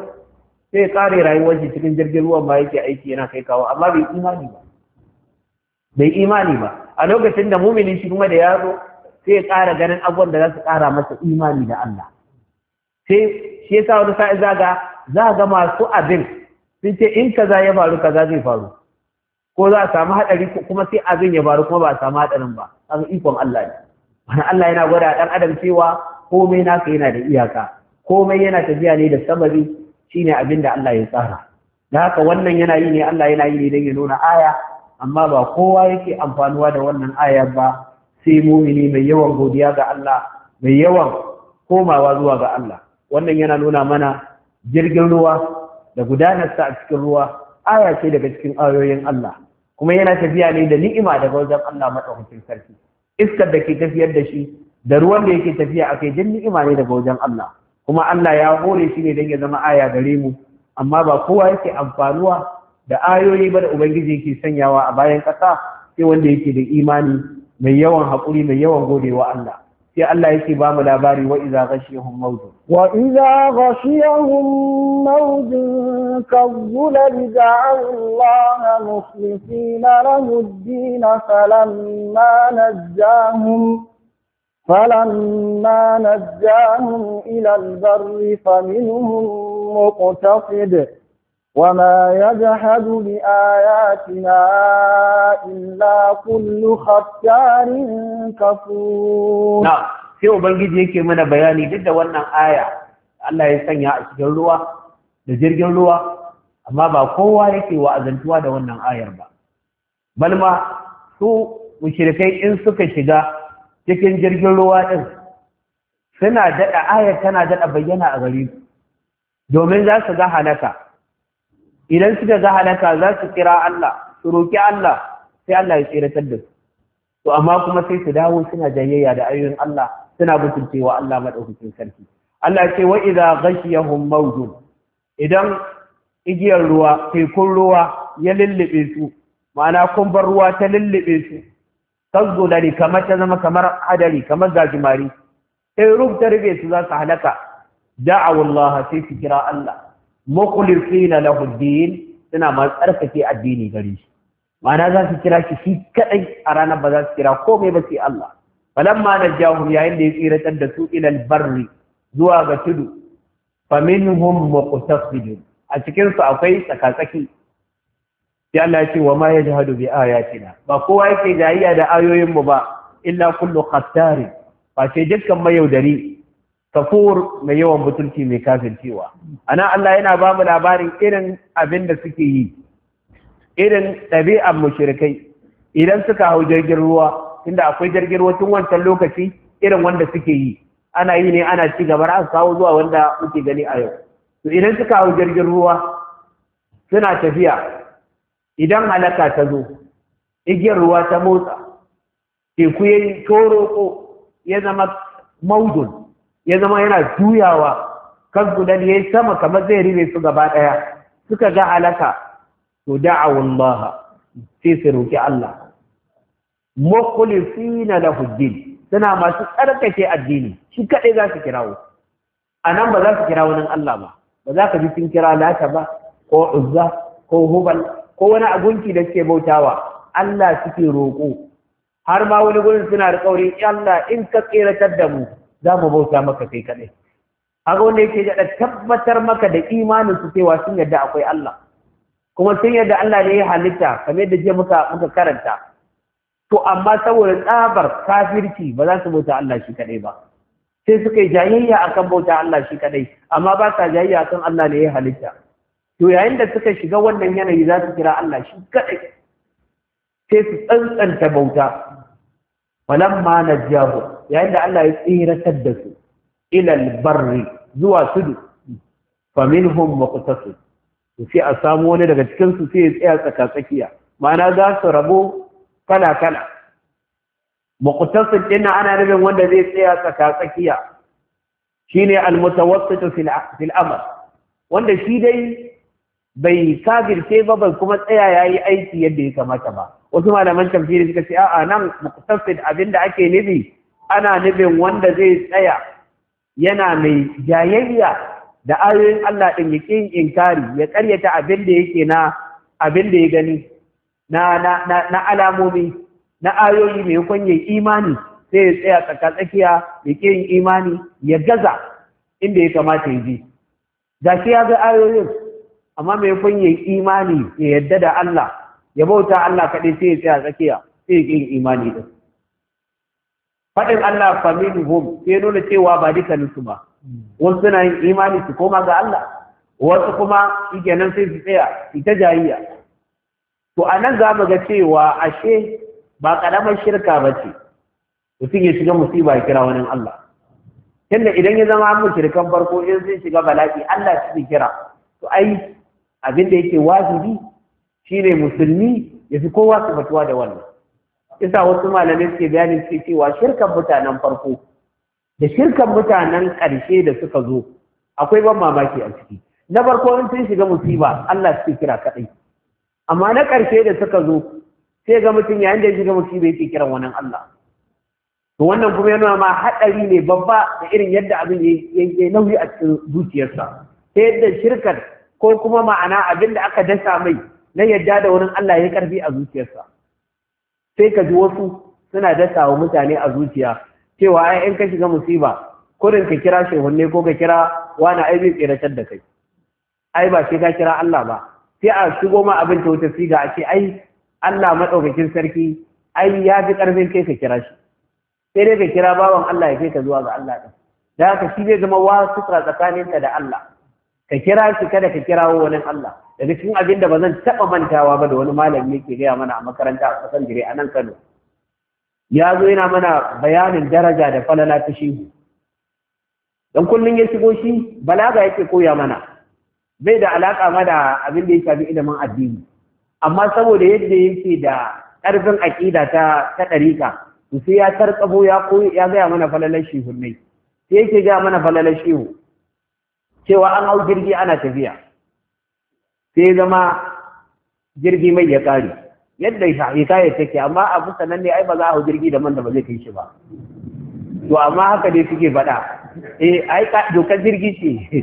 sai ya kare rayuwar shi cikin jirgin ruwan ba yake aiki yana kai kawo amma bai imani ba bai imani ba a lokacin da muminin shi kuma da ya sai ya ganin abubuwan da za su kara masa imani da Allah sai shi yasa wani sa'i za ga za ga masu abin sun ce in kaza ya faru kaza zai faru ko za a samu hadari? kuma sai abin ya faru kuma ba a samu hadarin ba An ikon Allah ne wani Allah yana gwada ɗan adam cewa komai naka yana da iyaka komai yana tafiya ne da sababi shine abin da Allah ya tsara da haka wannan yana yi ne Allah yana yi ne don ya nuna aya amma ba kowa yake amfanuwa da wannan aya ba sai mumini mai yawan godiya ga Allah mai yawan komawa zuwa ga Allah wannan yana nuna mana jirgin ruwa da gudanar sa a cikin ruwa aya ce daga cikin ayoyin Allah kuma yana tafiya ne da ni'ima daga wajen Allah madaukakin sarki iskar da ke tafiyar da shi da ruwan da yake tafiya a kai jin ni'ima ne daga wajen Allah kuma Allah ya hore shi ne don ya zama aya gare mu amma ba kowa yake amfanuwa da ayoyi ba da ubangiji yake sanyawa a bayan ƙasa sai wanda yake da imani mai yawan haƙuri mai yawan godewa Allah sai Allah yake ba mu labari wa iza ghashiyahum mawjun wa iza ghashiyahum mawjun kazzulal Allah muslimina lahu ad-din falamma najjahum فلما نجاهم إلى البر فمنهم مقتصد وما يجحد بآياتنا إلا كل ختار كفور نعم sai ubangiji yake mana bayani duk da wannan aya Allah ya sanya a cikin ruwa da jirgin ruwa amma ba kowa yake wa'azantuwa da wannan ayar ba balma su mushrikai in suka shiga cikin jirgin ruwa ɗin suna daɗa ayar tana daɗa bayyana a gari domin za su ga halaka idan suka ga halaka za su kira Allah su roƙi Allah sai Allah ya tsiratar da to amma kuma sai su dawo suna jayayya da ayoyin Allah suna butulcewa Allah maɗaukakin sarki Allah ce wa idza ghashiyahum mawjun idan igiyar ruwa tekun ruwa ya lullube su ma'ana kun bar ruwa ta lullube su kazzulari kamar ta zama kamar hadari kamar gajimari in rub ta rube su za su halaka da'awu Allah sai su kira Allah mukhlisina lahu din suna ma tsarkake addini gare shi ma'ana za su kira shi shi kadai a ranar ba za su kira komai ba sai Allah falamma najahum yayin da ya tsiratar da su ila zuwa ga tudu faminhum muqtasidun a cikin su akwai tsakatsaki ya Allah ce wa ma ya bi ayatina ba kowa yake jayayya da ayoyin mu ba illa kullu khattari ba sai dukkan mayaudari kafur mai yawan butulci mai kafircewa ana Allah yana ba mu labarin irin abin da suke yi irin ɗabi'ar mushrikai idan suka hau jirgin ruwa tunda akwai jirgin ruwa tun wancan lokaci irin wanda suke yi ana yi ne ana ci gaba a kawo zuwa wanda muke gani a yau to idan suka hau jirgin ruwa suna tafiya idan halaka ta zo igiyar ruwa ta motsa teku ya toroko ya zama maudun ya zama yana juyawa kan gudan ya yi sama kamar zai ribe su gaba ɗaya suka ga halaka to wallaha, sai su roƙi Allah mukhlisina lahu din suna masu tsarkake addini shi kaɗai za su kirawo a nan ba za su kira wani Allah ba ba za ka ji sun kira lata ba ko uzza ko hubal ko wani agunki da suke bautawa Allah suke roƙo har ma wani gurin suna da kauri Allah in ka tseratar da mu za mu bauta maka kai kaɗai kaga wanda yake da tabbatar maka da imanin su cewa sun yadda akwai Allah kuma sun yarda Allah ne ya halitta kamar yadda je muka muka karanta to amma saboda tsabar kafirci ba za su bauta Allah shi kadai ba sai suka yi jayayya akan bauta Allah shi kaɗai, amma ba sa jayayya akan Allah ne ya halitta to yayin da suka shiga wannan yanayi za su kira Allah shi kadai sai su tsantsanta bauta falamma najahu yayin da Allah ya tsiratar da su ila albarri zuwa tudu faminhum muqtasid to sai a samu wani daga cikin su sai ya tsaya tsakatsakiya ma'ana za su rabo kala kala muqtasid din ana nufin wanda zai tsaya tsakatsakiya shine almutawassit fil fil amr wanda shi dai bai sabirce ba bai kuma tsaya ya yi aiki yadda ya kamata ba wasu malaman tafsiri suka ce a'a nan muktasid abin da ake nufi ana nufin wanda zai tsaya yana mai jayayya da ayoyin Allah ɗin ya kin inkari ya karyata abin da yake na abin da ya gani na na alamomi na ayoyi mai kunye imani sai ya tsaya tsakatsakiya ya yin imani ya gaza inda ya kamata ya ji gashi ya ga ayoyin amma mai fanyin imani ya yadda da Allah ya bauta Allah kaɗai sai ya tsaya tsakiya sai ya ƙin imani da faɗin Allah famin hum sai ya nuna cewa ba dukkaninsu ba wasu suna yin imani su koma ga Allah wasu kuma shi nan sai su tsaya ita jayayya to a nan za mu ga cewa ashe ba ƙaramar shirka ba ce mutum ya shiga musiba ya kira wani Allah tunda idan ya zama mu shirkan farko in sun shiga bala'i Allah shi kira to ai abin da yake wajibi shine musulmi ya kowa su batuwa da wannan isa wasu malamai suke bayanin suke cewa shirkan mutanen farko da shirkan mutanen ƙarshe da suka zo akwai ban mamaki a ciki na farko in sun shiga musiba Allah suke kira kaɗai amma na ƙarshe da suka zo sai ga mutum yayin da ya shiga musiba yake kiran wannan Allah to wannan kuma yana ma haɗari ne babba da irin yadda abin ya nauyi a cikin zuciyarsa ta yadda shirkar ko kuma ma'ana abin da aka dasa mai na yadda da wurin Allah ya karfi a zuciyarsa sai ka ji wasu suna dasa wa mutane a zuciya cewa ai in ka shiga musiba kurin ka kira shehunne ko ka kira wani ai bai tsiratar da kai ai ba sai ka kira Allah ba sai a shigo ma abin ta wuta siga a ce ai Allah madaukakin sarki ai ya fi karfin kai ka kira shi sai dai ka kira bawan Allah ya kai ka zuwa ga Allah da haka shi zai zama wasu tsakaninka da Allah ka kira shi kada ka kirawo wani Allah daga cikin abin da ba zan taɓa mantawa ba da wani malami yake gaya mana a makaranta a ƙasar jire a nan Kano ya zo yana mana bayanin daraja da falala ta shi don kullum ya shigo shi balaga yake koya mana bai da alaƙa ma da abin da ya shafi ilimin addini amma saboda yadda yake da ƙarfin aƙida ta ta ɗarika to sai ya tarƙabo ya koyi ya gaya mana falalar hunnai sai yake gaya mana falalar shehu cewa an hau jirgi ana tafiya sai zama jirgi mai ya kare yadda ya take amma a abu nan ne ai ba za a hau jirgi da man da ba zai kai shi ba to amma haka dai suke faɗa eh ai dokar jirgi ce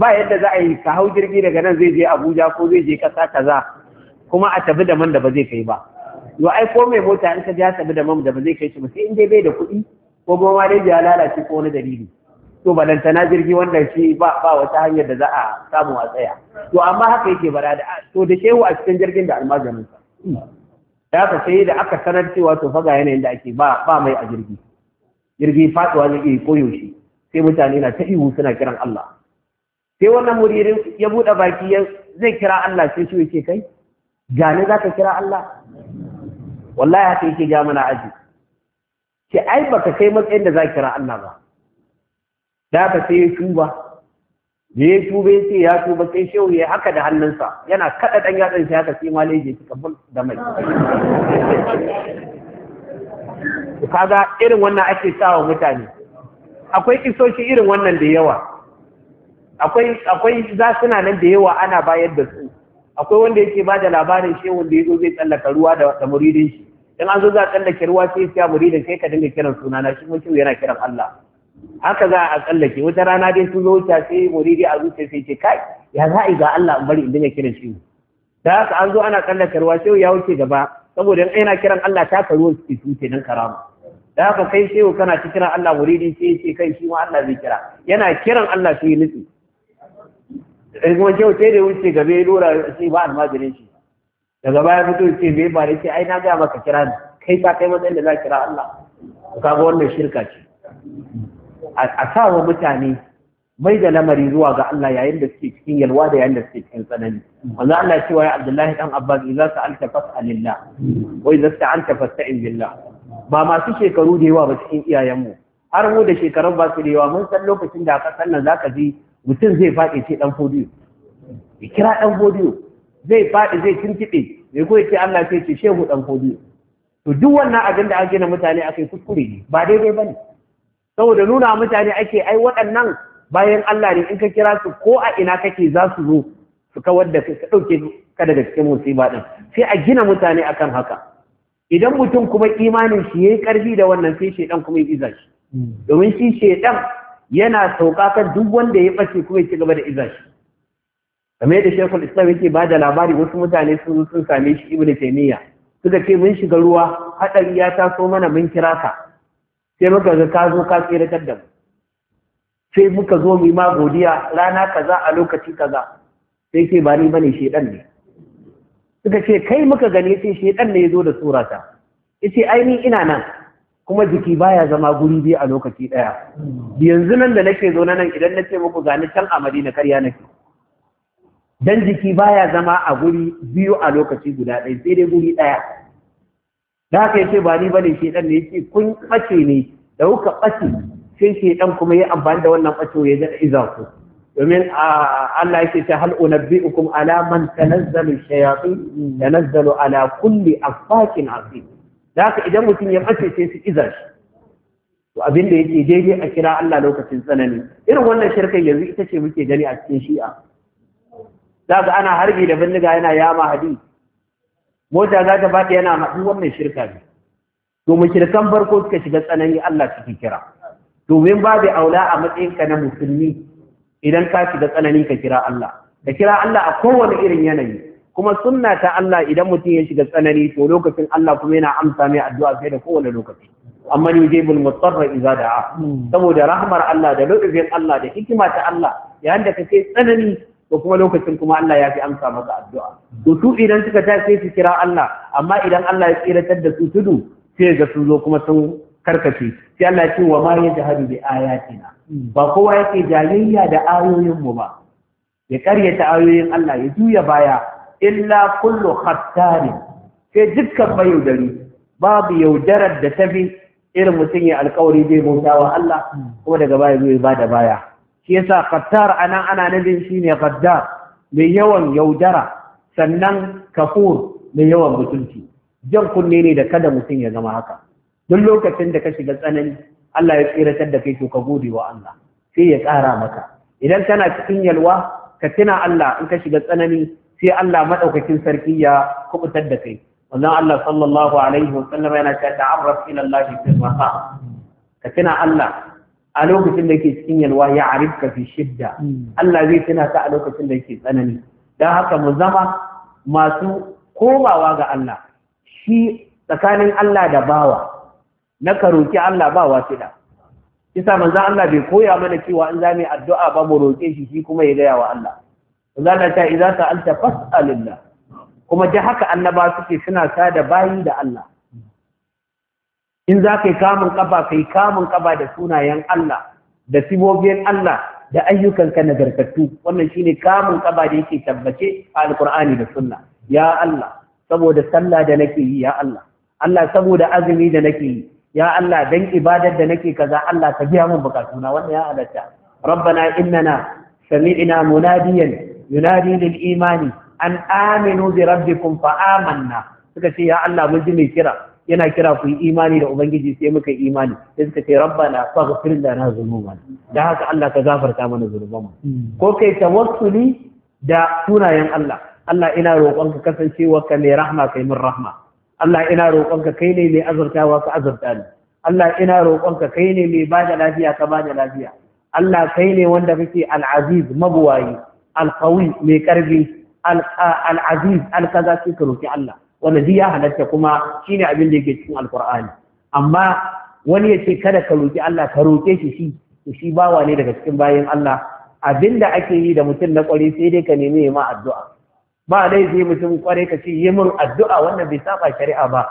ba yadda za a yi ka hau jirgi daga nan zai je Abuja ko zai je kasa kaza kuma a tafi da man da ba zai kai ba yo ai ko mai mota in ka ja tafi da man da ba zai kai shi ba sai in dai bai da kuɗi ko goma dai ya lalace ko wani dalili to na jirgi wannan shi ba ba wata hanyar da za a samu a tsaya to amma haka yake bara da to da shehu a cikin jirgin da almajirin sa da ka sai da aka sanar cewa to faga yanayin da ake ba ba mai a jirgi jirgi fatuwa zai iya koyo shi sai mutane na ta ihu suna kiran Allah sai wannan muririn ya bude baki ya zai kira Allah sai shi yake kai gane zaka kira Allah wallahi haka yake ga mana aji ki ai baka kai matsayin da za kira Allah ba da haka sai ya tuba da ya tuba sai ya tuba sai shehu ya haka da hannunsa yana kada dan yatsan sai haka sai maleji ki kabul da mai kaga irin wannan ake sawa mutane akwai kisoshi irin wannan da yawa akwai akwai za suna nan da yawa ana bayar da su akwai wanda yake ba da labarin Shehu da yazo zai tsallaka ruwa da da muridin shi in an zo za a tsallake ruwa sai ya muridin sai ka dinga kiran sunana shi mun yana kiran Allah haka za a tsallake wata rana dai sun zo wuce sai muridi a zuciya sai ce kai ya za a yi ga Allah in bari in dinga kiran shi da haka an zo ana tsallake ruwa sai ya wuce gaba saboda in ana kiran Allah ta karuwa suke su ce nan karama da haka kai sai kana ta kiran Allah muridi sai ce kai shi ma Allah zai kira yana kiran Allah sai nutsi sai kuma kyau sai da wuce gaba ya dora sai ba almajirin shi daga baya fito ce bai ba da ce ai na ga maka kira ni kai ka kai matsayin da za kira Allah ka ga wannan shirka ce a sawa mutane mai da lamari zuwa ga Allah yayin da suke cikin yalwa da yayin da suke cikin tsanani manzo Allah ya ce wa Abdullahi dan Abbas idza sa'alta fas'alillah wa idza sta'anta fasta'in billah ba masu shekaru da yawa ba cikin iyayenmu har mu da shekarun ba su da yawa mun san lokacin da aka za ka ji mutum zai faɗi ce dan fodiyo ya kira dan fodiyo zai faɗi zai tuntuɓe mai ko ce Allah ya ce shehu dan fodiyo to duk wannan abin da an gina mutane a kai kuskure ne ba daidai ne. saboda nuna mutane ake ai waɗannan bayan Allah ne in ka kira su ko a ina kake za su zo su kawar da ka ɗauke ka daga cikin musiba ɗin sai a gina mutane akan haka idan mutum kuma imanin shi yayi ƙarfi da wannan sai shedan kuma ya iza shi domin shi shedan yana sauka kan duk wanda ya ɓace kuma ya ci gaba da iza shi kamar yadda shekul islam yake ba da labari wasu mutane sun sun same shi ibnu taymiya suka ce mun shiga ruwa haɗari ya taso mana mun kira ka sai muka ga ka zo ka tsiratar da sai muka zo mu ma godiya rana kaza a lokaci kaza sai ce ba ni bane shedan ne suka ce kai muka gani sai shedan ne ya zo da surata yace ai ni ina nan kuma jiki baya zama guri biyu a lokaci daya yanzu nan da nake zo nan idan nace muku gani can a Madina karya nake dan jiki baya zama a guri biyu a lokaci guda ɗaya sai dai guri ɗaya da haka ce ba ni bane shedan ne yake kun bace ne da kuka bace sai shedan kuma ya amfani da wannan bacewa ya dada iza ku domin Allah yake ta hal unabbiukum ala man tanazzalu shayatin tanazzalu ala kulli afakin asim da haka idan mutum ya bace sai su iza shi to abin da yake daidai a kira Allah lokacin tsanani irin wannan shirkar yanzu ita ce muke gani a cikin shi'a za ana harbi da bindiga yana yama hadisi mota za ta faɗi yana maɗi wannan shirka ne to mushrikan farko suka shiga tsanani Allah suke kira to min babu aula a matsayinka na musulmi idan ka shiga tsanani ka kira Allah ka kira Allah a kowane irin yanayi kuma sunna ta Allah idan mutum ya shiga tsanani to lokacin Allah kuma yana amsa mai addu'a sai da kowane lokaci amma ni je bil mutarra idza da'a hmm. saboda rahmar Allah da lutfin Allah da hikima ta Allah yayin da kai tsanani ko kuma lokacin kuma Allah ya fi amsa masa addu'a to su idan suka tashi su kira Allah amma idan Allah ya tsiratar da su tudu sai ga su zo kuma sun karkace sai Allah ya ce wa ma yajhadu bi ayatina ba kowa yake jayayya da ayoyin mu ba ya ta ayoyin Allah ya juya baya illa kullu khattari sai dukkan yaudari, babu yaudarar da ta bi irin mutum ya alkawari bai bauta wa Allah kuma daga baya zai ba da baya shi yasa qattar anan ana nabin shine qaddar mai yawan yaudara sannan kafur mai yawan mutunci jan kunne ne da kada mutum ya zama haka duk lokacin da ka shiga tsanani Allah ya tsiratar da kai to ka gode wa Allah sai ya ƙara maka idan kana cikin yalwa ka tuna Allah in ka shiga tsanani sai Allah madaukakin sarki ya kubutar da kai wannan Allah sallallahu alaihi wa sallam yana cewa ta'arraf ila Allah fi raha ka tuna Allah a lokacin da ke cikin yalwa ya arifka fi shidda mm. Allah zai tuna ka a lokacin da ke tsanani don haka mu zama masu komawa ga Allah shi tsakanin Allah da bawa na ka roƙi Allah ba wasida kisa manzo Allah bai koya mana cewa in zamu addu'a ba mu roƙe shi shi kuma ya gaya wa Allah manzo Allah ta idza sa'alta fas'alillah kuma da haka annaba suke suna sada bayi da Allah in za ka yi kamun kafa ka yi kamun kafa da sunayen Allah da sibobin Allah da ayyukanka nagartattu wannan shine kamun kafa da yake tabbace a alkur'ani da sunna ya Allah saboda sallah da nake yi ya Allah Allah saboda azumi da nake yi ya Allah dan ibadar da nake kaza Allah ka biya min bukatuna wannan ya halatta rabbana innana sami'na munadiyan yunadi lil imani an aminu bi rabbikum fa amanna suka ce ya Allah mun ji mai kira yana kira ku yi imani da ubangiji sai muka yi imani sai suka ce rabbana faghfir lana dhunubana da haka Allah ka gafarta mana zunubanmu hmm. ko kai tawassuli da sunayen Allah Allah ina roƙonka kasancewa ka mai rahma kai min rahma Allah ina roƙonka kai ne mai azurtawa ka azurta ni Allah ina rokonka kai ne mai bada lafiya ka bada lafiya Allah kai ne wanda kake al-aziz mabuwayi al-qawi mai karfi al-aziz al-kaza sai ka roki Allah wanda duk ya halatta kuma shine abin da yake cikin alqur'ani amma wani ya ce kada ka roki Allah ka roke shi shi to shi bawa ne daga cikin bayan Allah abin da ake yi da mutum na kwari sai dai ka nemi ma addu'a ba dai zai mutum kware ka ce yi min addu'a wannan bai saba shari'a ba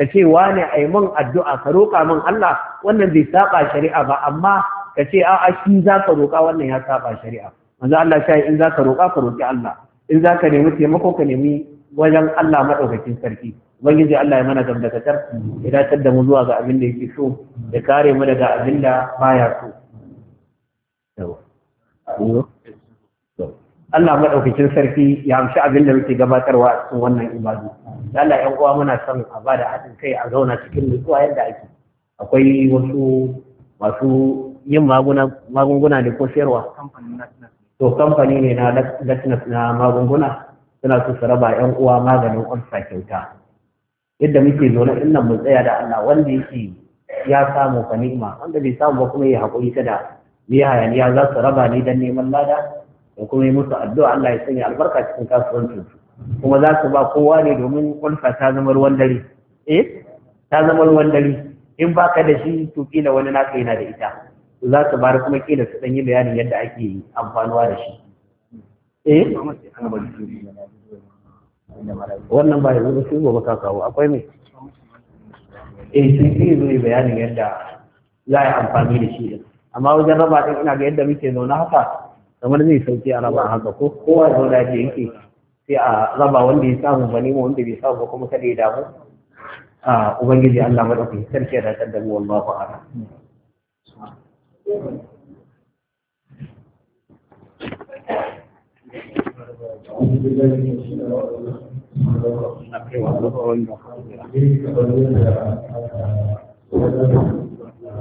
ka ce wane ai min addu'a ka roka min Allah wannan bai saba shari'a ba amma ka ce a'a shi za ka roka wannan ya saba shari'a manzo Allah sai in za ka roka ka roki Allah in za ka nemi taimako ka nemi wajen Allah maɗaukakin sarki ubangiji Allah ya mana gamdakatar ya dacar da mu zuwa ga abin da yake so ya kare mu daga abin da baya so Allah maɗaukakin sarki ya amshi abin da muke gabatarwa a cikin wannan ibadu Allah 'yan uwa muna son a ba da haɗin kai a zauna cikin nutsuwa yadda ake akwai wasu masu yin magunguna ne ko sayarwa to kamfani ne na na magunguna suna so su raba yan uwa maganin ƙwarsa kyauta yadda muke zaune in nan mu tsaya da Allah wanda yake ya samu fa ni'ima wanda bai samu ba kuma ya haƙuri kada ni hayaniya za su raba ni dan neman lada da kuma yi musu addu'a Allah ya sanya albarka cikin kasuwancin kuma za su ba kowa ne domin ƙwarsa ta zama ruwan dare eh ta zama ruwan dare in baka da shi to kila wani naka yana da ita za su bar kuma kila su dan yi bayanin yadda ake amfanuwa da shi eh wannan ba yanzu ba gobe kakawo akwai a eh sun fi zuri bayanin yadda za a yi amfani da shi amma wajen raba ɗin ina ga yadda muke zaune haka kamar zai sauke a raba haka ko kowa zo da ke yake sai a raba wanda ya samu ba nemo wanda bai samu ba kuma kada ya damu a ubangiji Allah maɗauki sarki da kaddamu wallahu a'lam Thank you. Thank you.